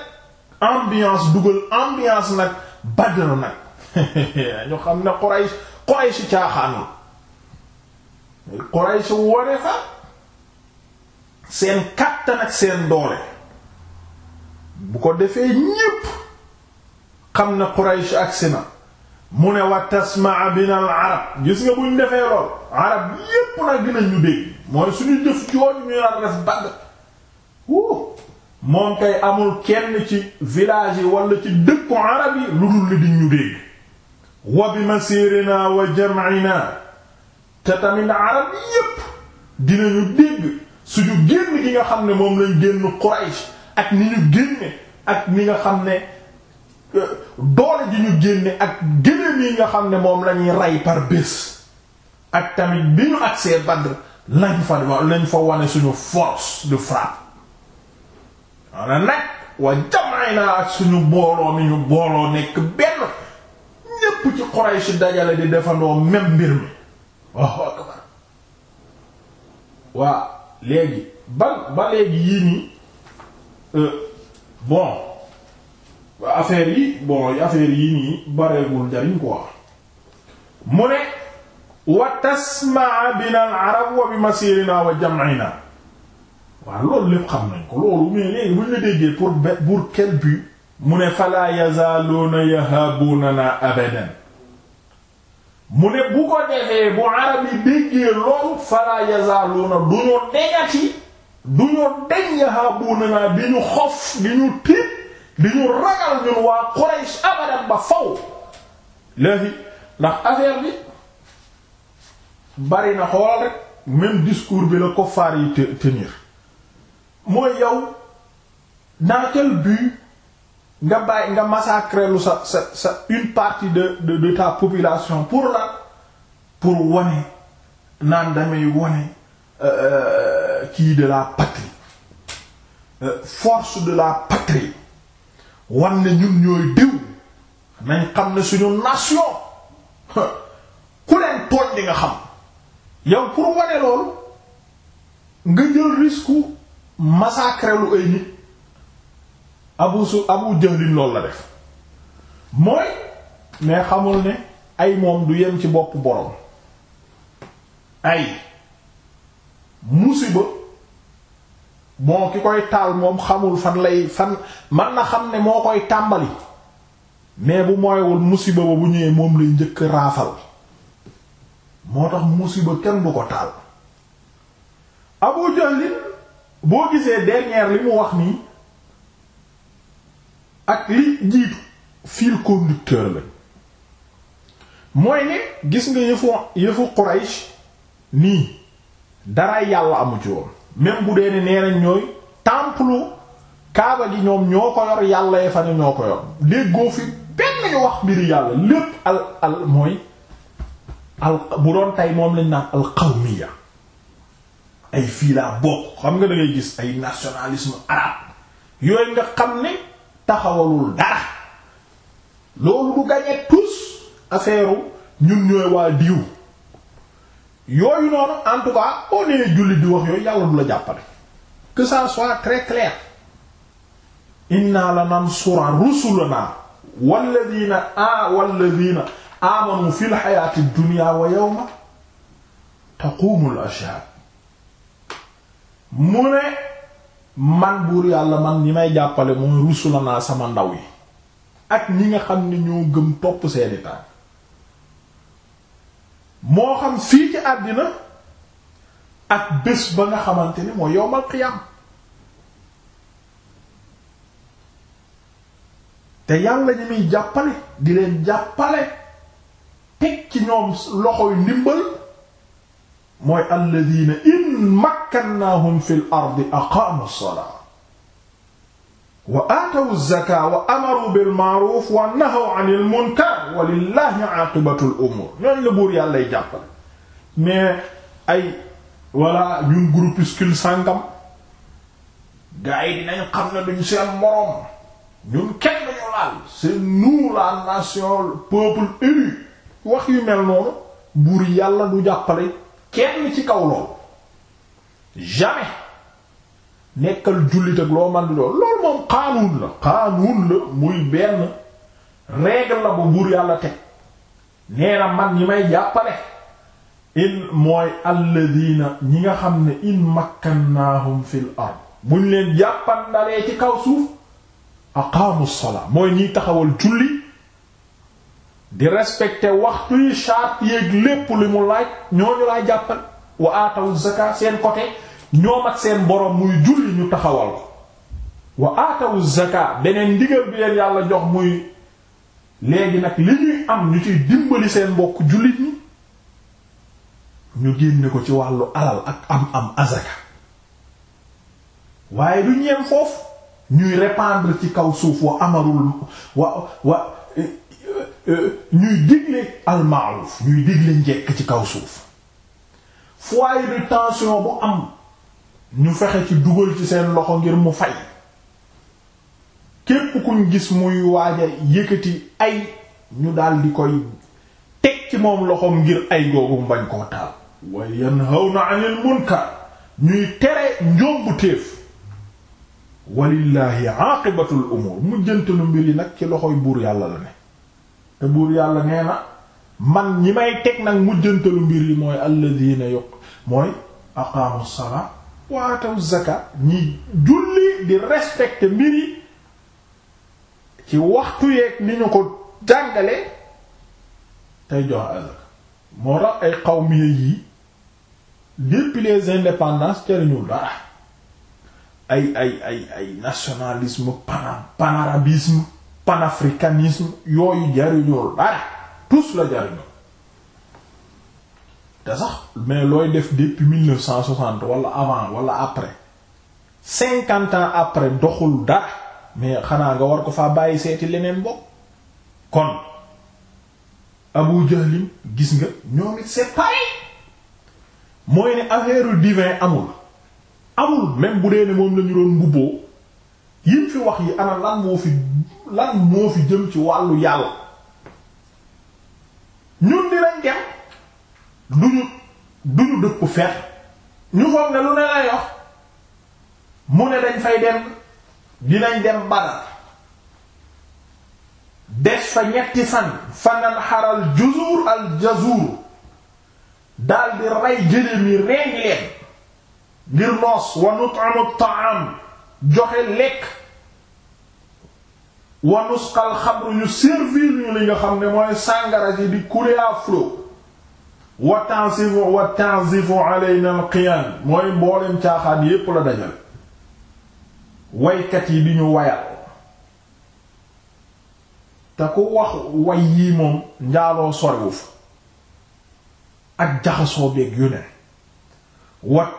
ambiance dugal ambiance nag Badr nag ñu xam ne Quraysh Quraysh caaxaanul Quraysh wone fa seen kàttan ak seen doole bu ko defee ñépp xam na Quraysh agsi na mu ne wa tasmaa binal arab gis nga buñ defee lool arab yépp nag dinañu dégg mooy suñu jëf jooju ñu nar def dagg wuu moom kay amul kenn ci village yi walla ci dëkku arab yi lu dul li di ñu dégg wa bi masirina wa jam'ina te tamit arab yépp dinañu dégg suñu génn gi nga xam ne moom lañ génn Quraysh ak ni ñu génne ak ni nga xam ne doole ji ñu génne ak géléem yi nga xam ne moom lañuy rey par bés ak tamit bi ñu agsee Badr lañ fa lañ fa wane suñu force de frappe wana nag wa jamaay naa ak suñu mbooloo mi ñu mbooloo nekk benn ñépp ci Quraysh dajale di defandoo même mbir mi waaw akbar waa léegi ba ba léegi yii nii euh, bon affaire yi bon affaire yi nii bareegul jariñ quoi mu ne wa tasmaa bina al arab wa bi masirina wa loolu lépp xam nañ ko loolu mais léegi bu ñu la déggee pour pour mu ne fala yazaaluuna yahaabunana abadan mu ne bu ko defee bu arab déggee loolu fala yazaaluuna duñu deñati duñu deñ yahaabunana di ñu xof di ñu tiit di ñu ragal ñun waa Quraysh abadan ba faw léegi ndax affaire bi bari na xool rek même discours bi la koffaar yi tenir mooy yow dans quel but nga bàyyi nga massacrer sa sa sa une partie de de de population pour la pour wane naan damay wane euh, euh, kii de la patrie euh, force de la patrie wan ne ñun ñooy diw nañ xam ne suñu nation ku leen tooñ di nga xam yow pour wane loolu nga jël risque massacrer lu ay nit abu su abu jahlin loolu la def mooy mais xamul ne ay moom du yem ci boppu boroom ay musiba bon ki koy taal moom xamul fan lay fan man na xam ne moo koy tàmbali mais bu mooywul musiba ba bu ñëwee moom lay njëkk raafal moo tax musiba kenn du ko taal Abu Jahl boo gisee dernière li mu wax nii ak li jiitu fil conducteur la mooy ne gis nga yëfu yëfu Quraysh nii dara yàlla amu ci même bu dee ne nee nañ ñooy temple kaaba gi ñoom ñoo ko yor yàlla ya fa ne ñoo ko yor déggoo fi benn ñu wax mbiri yàlla lépp al al mooy al bu doon tey moom lañ naan al ay fii bokk xam nga da gis ay nationalisme arabe yooyu nga xam ne taxawalul dara loolu du gañe tous affaire ñun ñooy waa diw yooyu noonu en tout cas au lieu jullit di wax yooyu yàlla du la jàppale que ça soit très clair inna lanansura rusulana walladina a walladina amanu fil hayati dunya wa yawma taqumul ashhad mu ne man buur yàlla man ñi may jàppale mooy rusulana sama ndaw yi ak ñi nga xam ne ñoo gëm topp seeni tànk moo xam fii ci àddina ak bés ba nga xamante ni mooy yowmal qiyaam te yàlla ñi muy jàppale di leen jàppale teg ci ñoom loxoy ndimbal mooy alladina in makkannaahum fil ardi aqaamu salaa wa aatawu zaka wa amaru bil ma'ruf wa nahaw anil munkar walillahi aqibatul umur ñooñ la buur yàllay jàppale mais ay walla ñun groupuscule sàngam gars yi dinañ xam ne dañu seen moroom ñun kenn ñu laal c'est nous la nation peuple élu wax yu mel noonu buur yàlla du jàppale kenn ci kaw loolu jamais nekkal jullit ak loo man doon loolu moom xaanuun la xaanuun la muy benn règle la bu buur yàlla teg nee na man ñi may jàppale in mooy alladina ñi nga xam ne in makkannaahum fil ard buñ leen jàppandalee ci kaw suuf aqaamu salaa mooy ñiy taxawal julli di respecter waxtu yi charte yéeg lépp li mu laaj ñooñu laay jàppal wa aatawu zakat seen côté ñoom ak seen boroom muy julli ñu taxawal ko wa aatawu zakat beneen ndigal bi leen yàlla jox muy léegi nag li ñuy am ñu ci dimbali seen mbokk jullit ñi ñu génne ko ci wàllu alal ak am am azaka waaye du ñeem foofu ñuy répandre ci kaw suuf wa amarul wa wa e, e, e, ñuy digle almaaruf ñuy digle njekk ci kaw suuf foyer de tension bu am ñu fexe ci dugal ci seen loxo ngir mu fay képp kuñ gis muy waaja yëkkati ay ñu daldi di koy teg ci moom loxoom ngir ay googu mu bañ koo taal wa yanhawna 'anil munkar ñuy tere njombu téef walillahi aqibatul umur mujjantalu mbir yi nag ci loxoy buur yàlla la ne te buur yàlla nee na man ñi may teg nag mujjantalu mbir yi mooy alladhina yuq mooy aqamu salaa waataw zaka ñi julli di respecter mbiri ci waxtu yeeg ni ñu ko jàngale tey jox azaka moo tax ay xawmiye yi depuis les indépendances cariñul dara ay ay ay ay nationalisme pan panarabisme panafricanisme yooyu jariñul dara tous la jariñul te sax mais looy def depuis mille cent soixante wala avant wala après cinquante ans après doxul dara mais xanaa nga war ko faa bàyyi seeti leneen bopp kon Abu Jahl gis nga ñoom it c'est pareil mooy ne affaire divin amul amul même bu dee ne moom la ñu doon mbubboo yim fi wax yi ana lan moo fi lan moo fi jëm ci wàllu yàlla ñun dinañ dem. du duñu dëkku fer ñu foog lu ne la yox mu ne dañ fay dem dinañ dem Badar des fa ñetti fan fanan xaral juzur al jazur daal di rey jëléem yi reengi leen ngir noos wa nut'amu ta'am joxe lekk wa nusqal xamru ñu servir ñu li nga xam ne mooy sàngara ji di kuré à wa ta'sifu wa ta'zifu alayna al mooy mboolem caaxaan yépp la yi di ñu wayal te ku wax way yii moom njaaloo sorewuf ak jaxasoo beeg yu ne wa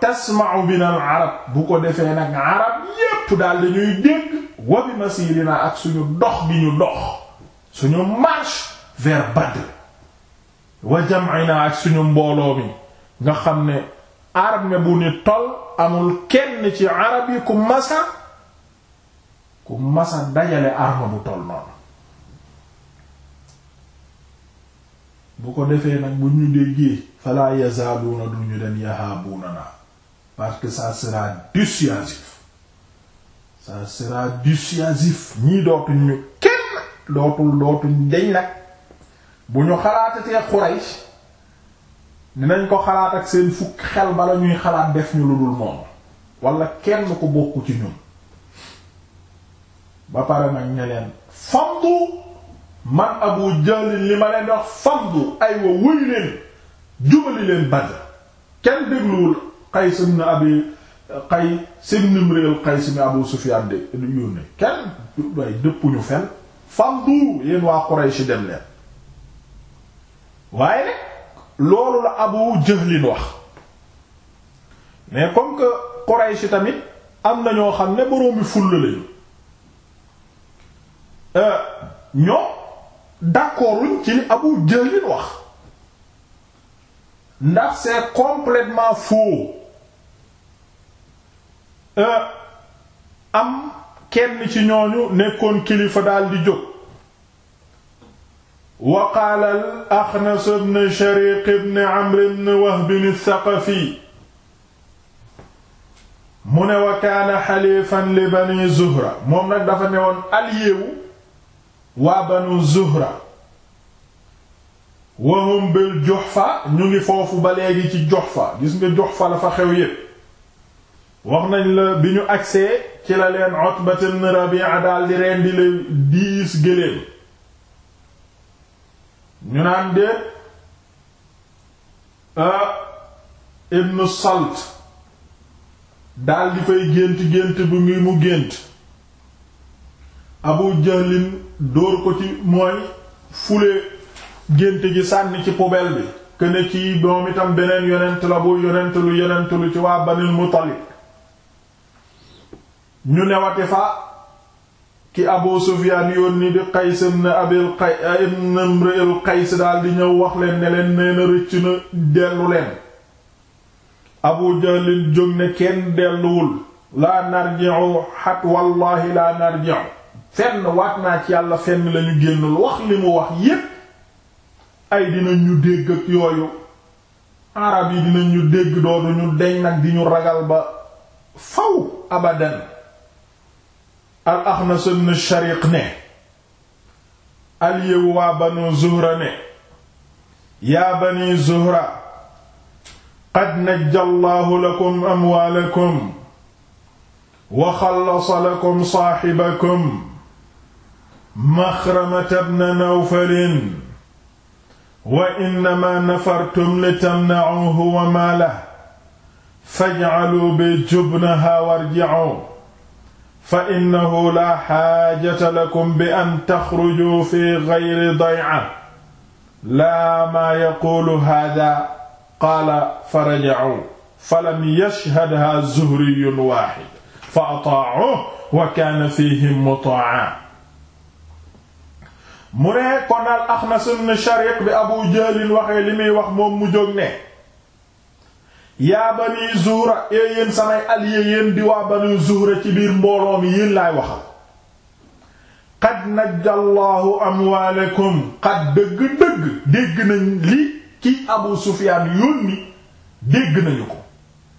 bu ko defee nag arab yépp daal di ñuy bi masirina ak suñu dox bi ñu dox suñu marche vers wa jam'ina ak suñu mbooloo mi nga xam ne armée bu ni tol amul kenn ci arab yi ku masa ku masa dajale armée bu tol noonu bu ko defee nag bu ñu déggee fala yazaaluuna duñu den yahaabuuna na parce que sa sera dissuasif ça sera dissuasif ñii dootuñ kenn dootul dootuñ deñ nag bu ñu xalaatatee Quraysh dinañ ko xalaat ak seen fukk xel bala ñuy xalaat def ñu lu dul moom wala kenn ko bokku ci ñun ba pare nag ñe leen famdu man Abu Jahl li ma leen wax famdu aywa wuy leen jubali leen Badr kenn dégluwul Qays ibn Abi Qays ibn Imr al-Qays ibn Abu Sufyan de yónne kenn way dëpp ñu fen famdu yéen waa Quraysh dem leen waaye nag loolu la Abu Jahlin wax mais comme que Quraysh tamit am na ñoo xam ne boroomi fulla lañu euh, ñoo d'accorduñ ci li Abu Jahlin wax ndax seet complètement faux euh, am kenn ci ñooñu nekkoon kilifa daal di jóg wa qaala al-Axnas ibn Shariq ibn Amr ibn Wahb al-Thaqafi mu ne wa kaana xaliifan li bani Zuhra moom nag dafa newoon alliéwu waa banu Zuhra wa hum bil Juhfa ñu ngi foofu ba léegi ci Juhfa gis nga Juhfa la fa xew yépp wax nañ la bi ñu agsee ci la leen Utba ibn Rabi'a daal di reen di la diis gëléem ñu naan déet euh, ibnu salt dal fay gént gént bu ngi mu gént abu jahlin dóor ko ci mooy fule gént gi sànni ci poubelle bi këne ci moom itam beneen yonent la bu yonent lu yonent lu ci waa banil muttalib ñu newati fa ki abu sufyaan yónni di qays ibn abil eh, ibn daal di ñëw wax leen ne leen nee na rëcc na dellu leen abu jahlin jóg ne kenn delluwul laa narji'u xat wallaahi laa narji'u fenn waat naa ci yàlla fenn lañu génnul wax li mu wax yépp ay dinañ dégg ak yooyu arab yi dinañ dégg doodu deñ nag di ñu ragal ba faw abadan al Axnas ibn Shariq ne aliyewu waa banu Zuhra ne yaa bani Zuhra qad najja Allahu lakum amwaalakum wa xallasa lakum saaxibakum maxramata bna nawfalin wa innama nafartum litamnacuuhu wa maalahu fajcaluu bijubnaha warjicuu fa innahu la xaajata lakum bi an taxruju fi gayri day'a laa maa yaquulu haadaa qaala faraja'uu falam yashhadhaa zuhriyyun waahid fa ataa'uuhu wa kaana fiihim mutaa'an mu ne kon al Axnas ibn Shariiq bi Abu Jahl waxee li muy wax moom mu jóg ne yaa bani zuhra ee yéen samay alliés yéen di waa bani zuhra ci biir mbooloo mi yéen laay waxal qad najjallahu amwaalakum qad dëgg-dëgg dégg nañ li ci abu sufiyaan yónni dégg nañu ko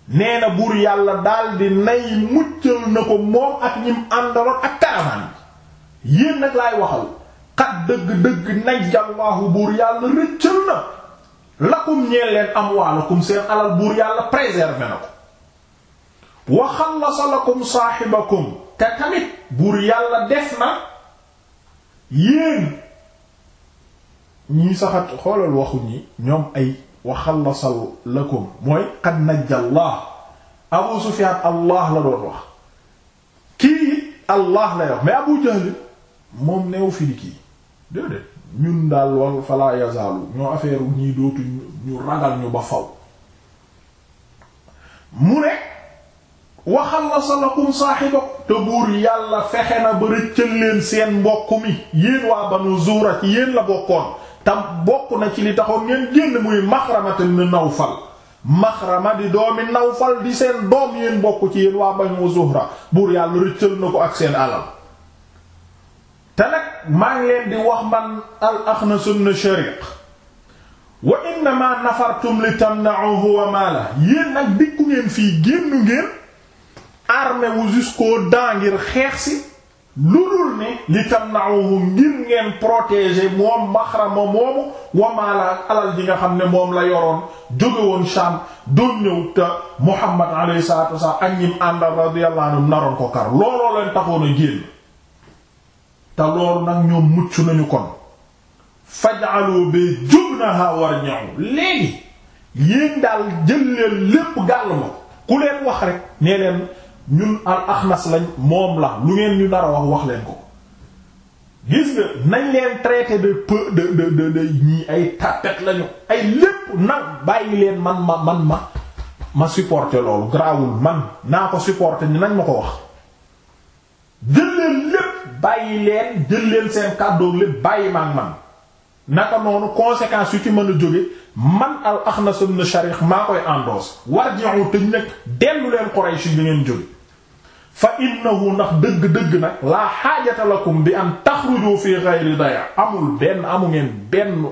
nee na buur yàlla daldi nay muccal na ko moom ak ñim àndaloon ak karamaan bi yéen nag laay waxal qad dëgg-dëgg najjallahu buur yàlla rëccal na lakum ñeel leen amwaalakum seen alal buur yàlla préservé na ko wa xallasa lakum saahibakum te tamit buur yàlla def na yéen ñuy saxat xoolal waxu ñi ñoom ay wa xallasa lakum mooy qad najja allah abu sufyaan allah la doon wax kii allah lay wax mais abu jahl moom neew fi di kii déedéet ñun daal wal fala yazaalu ñoo affaire ñii dootu ñu ragal ñu ba faw mu ne waxal la sa lakum saaxibakum te buur yàlla fexe na ba rëccal leen seen mbokk mi yéen waa banu zuura ci yéen la bokkoon tam bokk na ci li taxoon ngeen génn muy maxramata ni nawfal maxrama di doomi nawfal di seen doom yéen bokk ci yéen waa banu zuhra buur yàlla rëccal na ko ak seen alal te nag maa leen di wax man al Axnas ibn Shariq wa innama nafartum li tamna'uhu wa mala yéen nag dikku ngeen fii génnu ngeen armé wu jusqu'aux dents ngir xeex si lu dul ne li tamna'uhu ngir ngeen protéger moom maxrama moomu wa mala alal ji nga xam ne moom la yoroon jóge woon doon ñëw te Muhammad alayhi salaatu wa salaam ñim àndal radiyallahu naroon ko kar looloo leen taxoon a génn ta loolu nag ñoom mucc nañu kon faj'alu bi jubnaha warña'u léegi yéen daal jël leen lépp gàll ma ku leen wax rek nee leen ñun al axnas lañ moom la lu ngeen ñu dara wax wax leen ko gis nga nañ leen traité de peu de de de ay tapet lañu ay lépp nag bàyyi leen man ma man ma ma supporté loolu grawul man naa ko supporté ni nañ ma ko wax jël leen lépp bàyyi leen jël leen seen kàddoog lépp bàyyi ma ak man naka noonu conséquences yu ci mën a jóge man al Axnas ibn Sharikh maa koy endoos warji'u te nag dellu leen Quraysh bi ngeen jóge fa innahu ndax dëgg-dëgg nag laa xaajata lakum bi an taxruju fi ghayri daya amul benn amu ngeen benn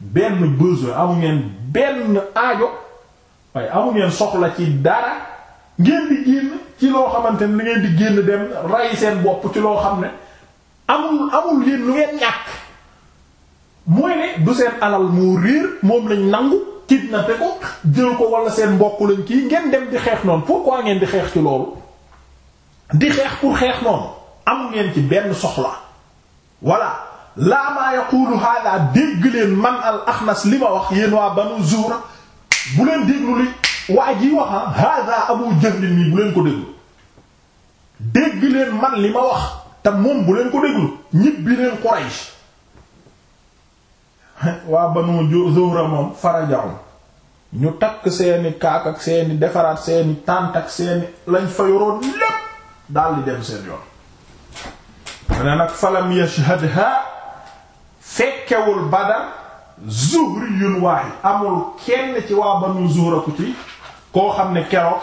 benn besoin amu ngeen benn aajo waaye amu ngeen soxla ci dara ngeen di génn ci loo xamante ne ngeen di génn dem rey seen bopp ci loo xam ne amul amul leen lu ngeen ñàkk mooy ne du seen alal moo réer moom lañ nangu kidnappé ko jël ko wala seen mbokk lañ kii ngeen dem di xeex noonu pourquoi ngeen di xeex ci loolu di xeex pour xeex noonu am ngeen ci benn soxla voilà laa maa yaqulu hada dégg leen man al axnas li ma wax yéen waa banu zuura bu leen déglu li waa ji waxa ah, hada abu jahl mi bu leen ko déglu dégg leen man li ma wax te moom bu leen ko déglu ñibbi leen Quraysh waa Banu Zuhra moom farajahum ñu takk seeni kaak seeni defaraat seeni tànt seeni lañ fa yoroon lépp daldi dem seen yoon mu ne nag falam yashhadha fekkewul Badar zuhriyun waahid amul kenn ci waa Banu Zuhra ku ci koo xam ne keroog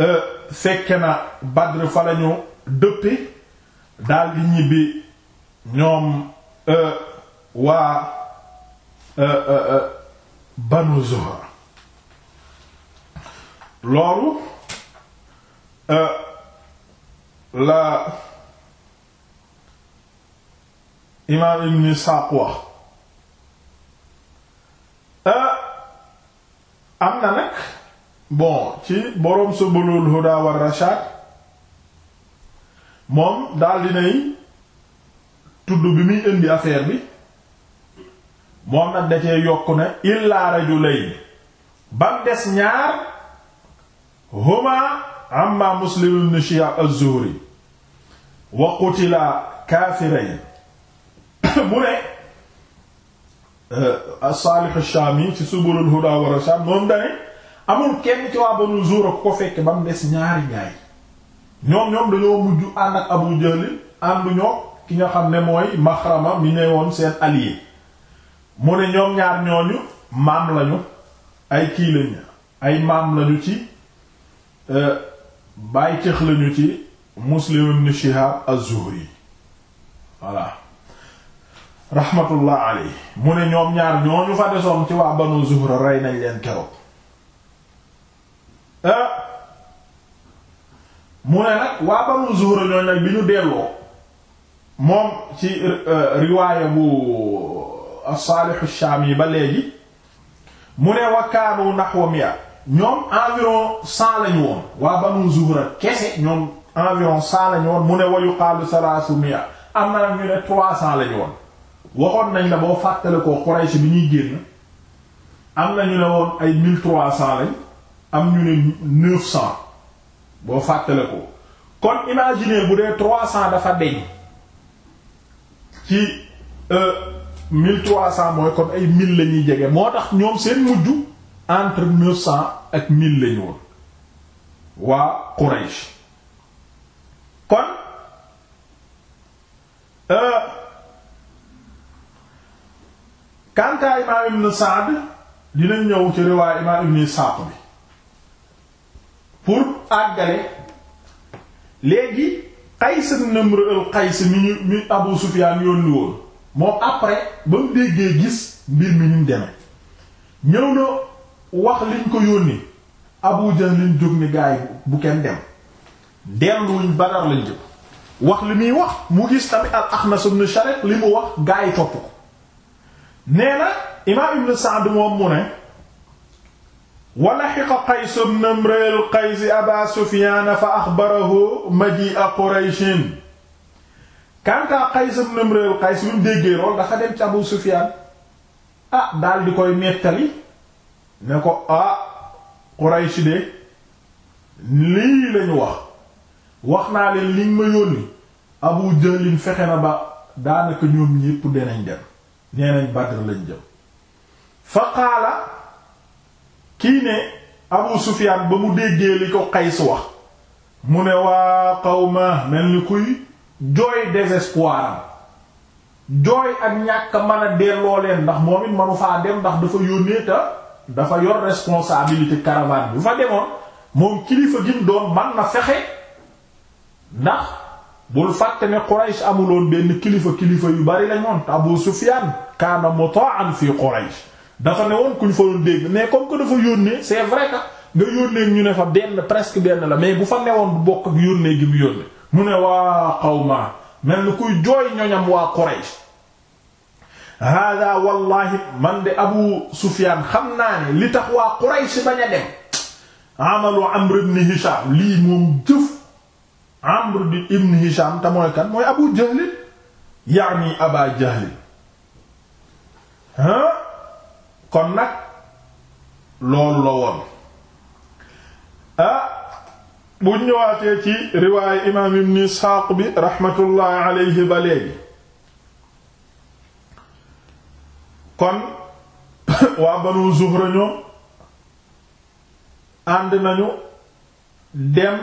euh, fekke na Badr fa lañu dëppe daldi ñibbi ñoom euh, waa euh, euh, Banu wa loolu la imaam Ibn Isaaq wax am na nag bon ci boroom Subulul Huda war Rashad moom daldi dinay tudd bi muy indi affaire bi moom nag da cee yokk ne illaa rajulayn bam des ñaar huma muslim ibn shihab az-zuhri wa qutila kaafirayn mu ne euh, as-salih ash ci subulul huda wa rashad moom dane amul kenn ci waa banu zuur ak ko fekk bam des ñaari gaay ñoom ñoom dañoo mujj ànd ak Abu Jahl ànd ñoo ki nga xam ne mooy Maxrama mi ne woon seen allié mu ne ñoom ñaar ñooñu maam lañu ay kii lañu ay maam lañu ci euh, bàyyi cëx lañu ci Muslim ibn Shihab az-Zuhri voilà rahmatullah aley mu ne ñoom ñaar ñooñu fa desoon ci waa Banu Zuhra rey nañ leen keroog euh, mu ne nag waa Banu Zuhra ñoo nag bi ñu delloo moom ci euh, riwaaya bu euh, as-Salih ash ba léegi mu ne wa kaanu nahwa mi'a ñoom environ cent lañu woon waa Banu Zuhra kese ñoom environ cent lañu woon mu ne wa yuqaalu salaasu mi'a am na nag ñu ne trois cents lañu woon waxoon nañ la boo fàttale ko Quraysh bi ñuy génn am na ñu ne woon ay mille trois cents lañ am ñu ne neuf cents boo fàttale ko kon imaginer bu dee trois cents dafa deñ ci euh, mille trois cents mooy kon ay mille lañuy jege moo tax ñoom seen mujj entre neuf cents ak mille lañu woon waa Quraysh kon kantaa euh, imaam ibn Saad dinañ ñëw ci riwaay imaam ibn Sa'd bi pour àggale léegi Qays ibn Amr al-Qays mi ñu mi Abu Sufyaan yónni woon moom après ba mu déggee gis mbir mi ñu deme ñëw na wax liñ ko yónni Abu Jahl liñ jóg ni gaay bu kenn dem delluñ Badar lañ jóg wax li muy wax mu gis tamit al-Akhnas ibn Shariq li mu wax gaay topp ko nee na imaam Ibn Sa'd moom mu ne walaxiqa Qays ibn Imri al-Qaysi Aba Sufyaan fa axbarahu majii'a Qurayshin kanta Qays ibn Imri al-Qays bi mu déggee lool dafa dem ci Abu Sufyaan ah daal koy nettali ne ko ah Quraysh de lii lañu wax wax naa leen liñ ma yónni Abu Jahlin fexe na ba daanaka ñoom ñépp dinañ dem nee nañ Badr lañ jëm fa qaala kii ne Abu Sufyaan ba mu déggee li ko Qays wax mu ne waa qawma mel ni kuy jooy désespoir jooy ak ñàkk mën a delloo leen ndax moom it manu faa dem ndax dafa yónnee te dafa yor responsabilité caravane bi fa demoon moom kilifa gi mu man na fexe ndax bul fàtte ne Quraysh amuloon benn kilifa kilifa yu bari lañoon te Abu Sufyaan kaana muta'an fi Quraysh dafa ne woon kuñ fa doon dégg mais comme que dafa yónnee c'est vrai nga yónnee ñu ne fa benn presque benn la mais bu fa newoon bu bokk ak yónnee gi mu yónnee mu ne waa qawma mel ni kuy jooy ñoñam waa Quraysh hada wallahi man de Abu Sufyan xam naa ne li tax waa Quraysh bañ a dem amalu Amr ibn lii moom jëf Amr ibn Hisham te mooy kan mooy Abu Jahl yaani Aba Jahl kon nag loolu la woon ah bu ñëwaatee ci riwaaye imaam ibn Isxaaq bi raxmatullaahi alayhi ba kon waa banu Zuhra ñoom ànd nañu dem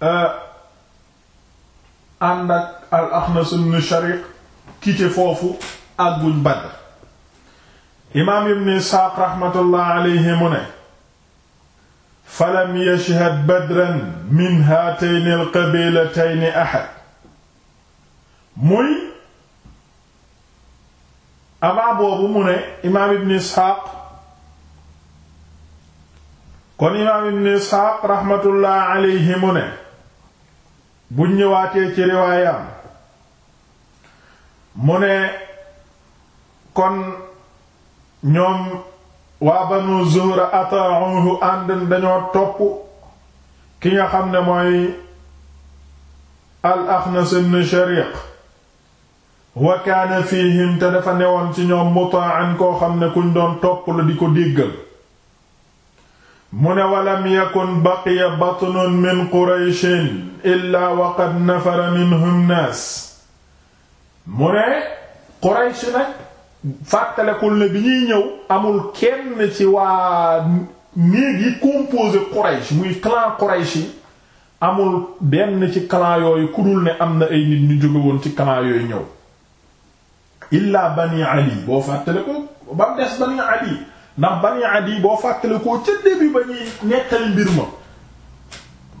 ah, ànd ak al Axnas ibn Shariq kite foofu àgguñ Badr imaam ibn isxaaq raxmatullah alayhi ne falam yashhad badran min haatayni alqabilatayni ahad muy avant boobu mu ne imaam ibn isxaaq kon imaam ibn isxaaq raxmatullah alayhi ne buñ ñëwaatee ci riwaayam mu ne kon ñoom waa banu zuhra ata'uhu ànd dañoo topp ki nga xam ne mooy al axnas ibn shariq wa kaana fihim te dafa ci ñoom muta'an koo xam ne kuñ doon topp la di ko déggal mu ne walam yakun baqiya batnun min qurayshin illaa waqad nafara minhum naas mu ne quraysh fàttalekul ne bi ñuy ñëw amul kenn ci waa néeg yi composé Quraysh muy clan Quraysh yi amul benn ci clan yooyu ku dul ne am na ay nit ñu jóge ci clan yooyu ñëw illa bani Ali boo fàttalikoo ba mu des bani Ali ndax bani Ali boo fàttalikoo ca début ba ñuy nettali mbir ma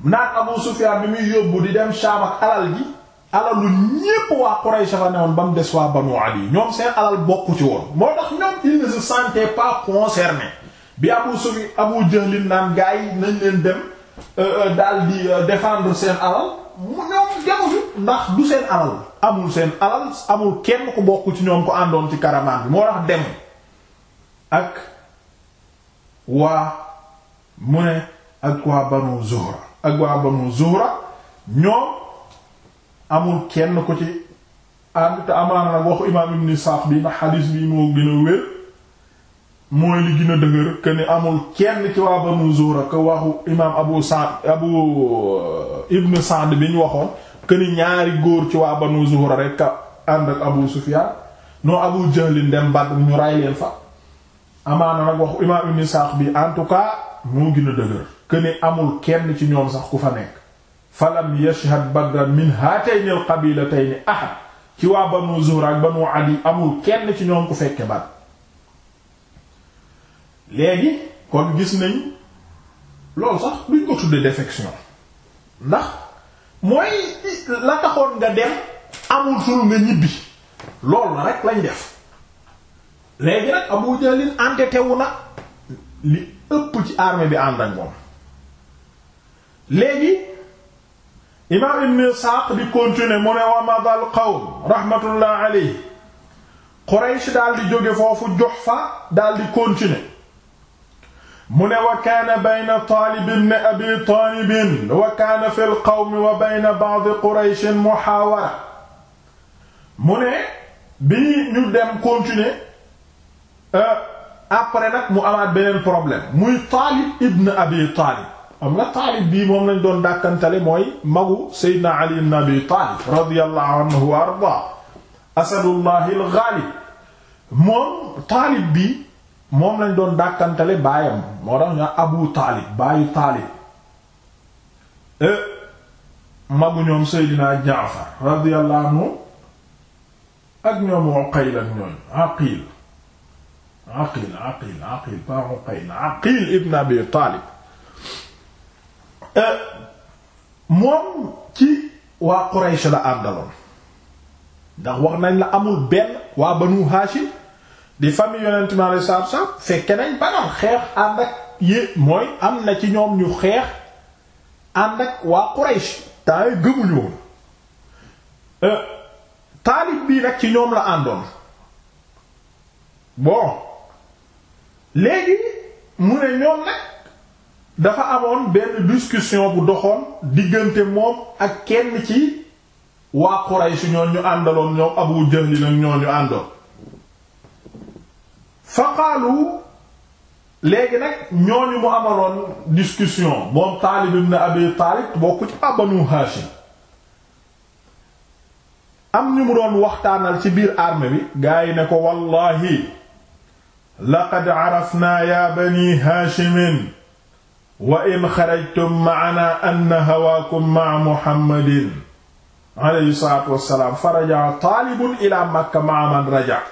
naan Abu Sufyan bi muy yóbbu di dem Sham ak alal ji alalu ñépp waa Quraysh fa newoon ba mu des waa Banu Ali ñoom seen alal bokku ci woon moo tax ñoom ils ne se pas concernés bi Abu Sufyan Abu Jahl naan gars yi nañ leen dem euh, euh, daal di euh, défendre seen alal mu ñoom jamono ndax du seen alal amul seen alal amul kenn ku bokk ci ñoom ko àndoon ci caravane bi moo tax dem ak waa mu ne ak waa Banu Zuhra ak waa Banu Zuhra ñoom. amul kenn ko ci ànd te amaana nag waxu imaam ibn Isaaq bi ndax xadiis bi moo gën wér mooy li gën dëgër que ni amul kenn ci waa Banu Zuhra que waxu imaam Abu Sa'd Abu euh, Ibn Sa'd bi ñu waxoon que ni ñaari góor ci waa Banu Zuhra rek ànd ak Abu Sufyaan dem Badr ñu ray leen fa amaana nag waxu imaam ibn Sa'd bi en tout cas moo gën a dëgër que amul kenn ci ñoom sax ku fa nekk falam yashhad badra min haatayni alqabilatayni ahad ci waa banu Zuhr ak banu Adi amul kenn ci ñoom ku fekke Badr léegi kon gis nañ loolu sax duñ ko tudde défection ndax mooy la taxoon nga dem amul sulu nga ñibbi loolu na rek lañ def léegi nag Abu Jahl entêté na li ëpp ci armée bi ànd ak moom léegi imaam ibn Isxaaq di continuer mu ne wa madal qawm rahmatullah alayhi Quraysh daal di jóge foofu Juhfa daal di continuer mu ne wa kaana bayna Taalib ibn Abi Taalib wa kaana fil qawmi wa bayna ba'di Quraysh muhaawara mu ne bi ñu dem continuer euh, après nag mu amaat beneen problème muy Taalib ibn Abi Taalib am nga taalib bii moom lañ doon dàkkantale mooy magu Seydina Ali ibn Abi Taalib radiyallahu anhu wa ardaa asadullahi al-ghaalib moom taalib bi moom lañ doon dakkantale baayam moo tax ñu Abu Taalib baayu taalib eh, magu ñoom Seydina Jaafar radiyallahu anhu ak ñoom Uqayl ak ñoom Aqiil Aqiil Aqiil Aqiil ba Uqayl Aqiil Abi Taalib Euh, moom ci waa Quraysh la àndaloon ndax wax nañ la amul benn waa Banu Hashim di famille yonent mi alayhi salaatu salaam fekke nañ banam xeex ànd ak yé mooy am na ci ñoom ñu xeex ànd ak waa Quraysh taay gëmuñu woon euh, taalib bii nag ci ñoom la àndoon bon léegi mu ne ñoom nag dafa amoon benn discussion bu doxoon diggante moom ak kenn ci waa Quraysh ñoon ñu àndaloon ñoom Abu Jahl nag ñoo ñu àndoon fa qaalu léegi nag ñooñu mu amaloon discussion moom Taalib ibn Abi Taalib bokku ci Banu Haashim am ñu mu doon waxtaanal ci biir armée bi gaa ne ko wallahi laqad arafnaa ya bani Haashim wa in xarajtum maana an hawaakum maa muhammadin alayhi salaatu wassalaam fa rajaa ilaa makka maa rajaa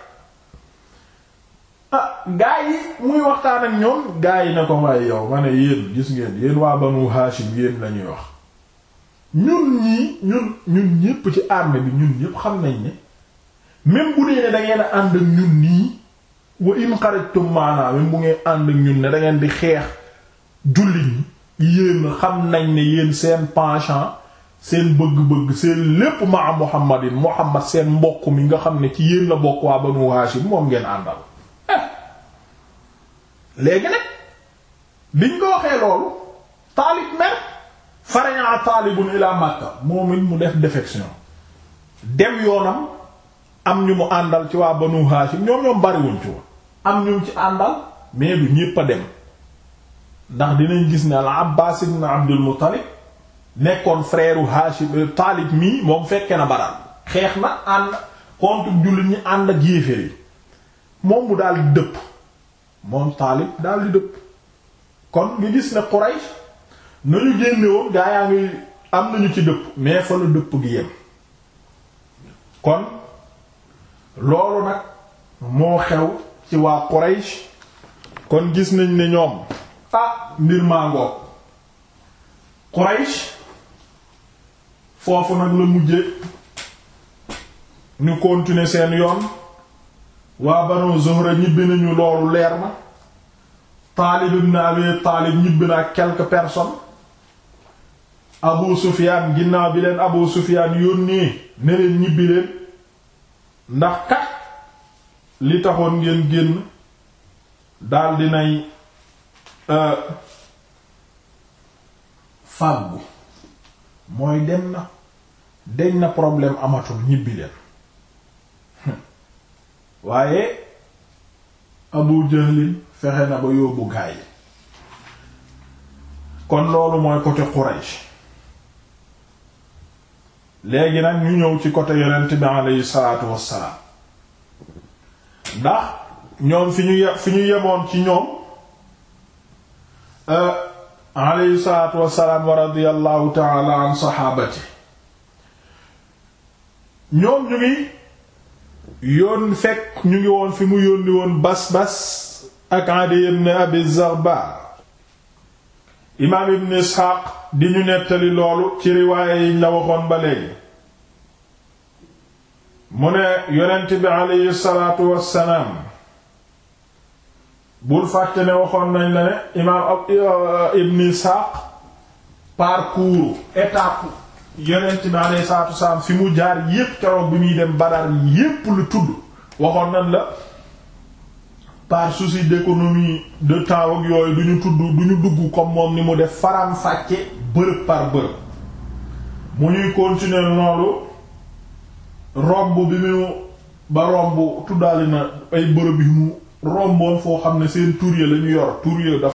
ah, gaa yi muy waxtaan ñoom gaa yi ne ko waaye yow ma ne gis ngeen yéen waa banu haashim yéen lañuy wax ñun ñii ñun ñun ñépp ci armée bi ñun ñépp xam nañ ne même bu dee dangeen ànd ñun nii wa in xarajtum maana même bu ngeen ànd ñun ne dangeen di xeex jullit ñi yéen xam nañ ne yéen seen penchant seen bëgg-bëgg seen lépp ma am muhammadin muhammad seen mbokk mi nga xam ne ci yéen la bokk waa banu haashim moom ngeen àndal eh! léegi nag biñ ko waxee loolu taalib mer farañaa taalibun ilaa makka moom mu def défection dem yoonam am ñu mu àndal ci waa banu haashim ñoom ñoom bariwuñ ci am ñu ci àndal mais du ñépp a dem ndax dinañ gis ne al Abbaas ibn Abdul Muttalib nekkoon frère Haashim euh, Taalib mii moom fekke na Badar xeex na ànd contre jullit ñi ànd ak yéeféer yi moom mu daal di dëpp moom Taalib daal di dëpp kon nga gis ne Quraysh nañu génne gaa yaa ngi am nañu ci dëpp mais fa la dëpp gi yem kon loolu nag moo xew ci waa Quraysh kon gis nañ ne ñoom ah mbir màngook Quraysh foofu nag la mujje ñu continuer seen yoon waa Banu Zuhra ñibbi nañu loolu leer na Taalib ibn Abi Taalib ñibbi na ak quelques personnes Abu Sufyaan ginnaaw bi leen Abu Sufyaan yónnee ne ñibbi leen ndax kat li taxoon ngeen génn dal dinay Euh, fàggu mooy dem na deñ na problème amatul ñibbi leen waaye Abu Jahlin fexe na ba yóbbu gaay yi kon loolu mooy côté Quraysh léegi nag ñu ñëw ci côté yonent bi alayhi salaatu wassalaam ndax ñoom fi ñu fi ñu yemoon ci ñoom Euh, a salaatu wassalaam wa radiyallahu taala an saxaabati ñoom ñu ngi yoon fekk ñu ngi woon fi mu yónni woon bas bas ak Adi ibn Abi Zarba imaam ibn Isxaaq di ñu nettali loolu ci riwaaya yi la waxoon ba léegi mu ne yonent bi alayhi salaatu wassalaam bul fàtte ne waxoon nañ la ne imaam euh, Ibn Isaaq parcours étape yonent bi alayhi salaatu wasalaam fi mu jaar yépp keroog bi muy dem Badar yépp lu tudd waxoon nañ la par souci d'économie de temps ak yooyu duñu tudd duñu dugg comme moom ni mu def faram fàcce bërëb par bërëb mu ñuy continuer noonu romb bi mu ba romb tuddaali na ay bërëb yu mu romboon foo xam ni seen tur la ñu yor tur ya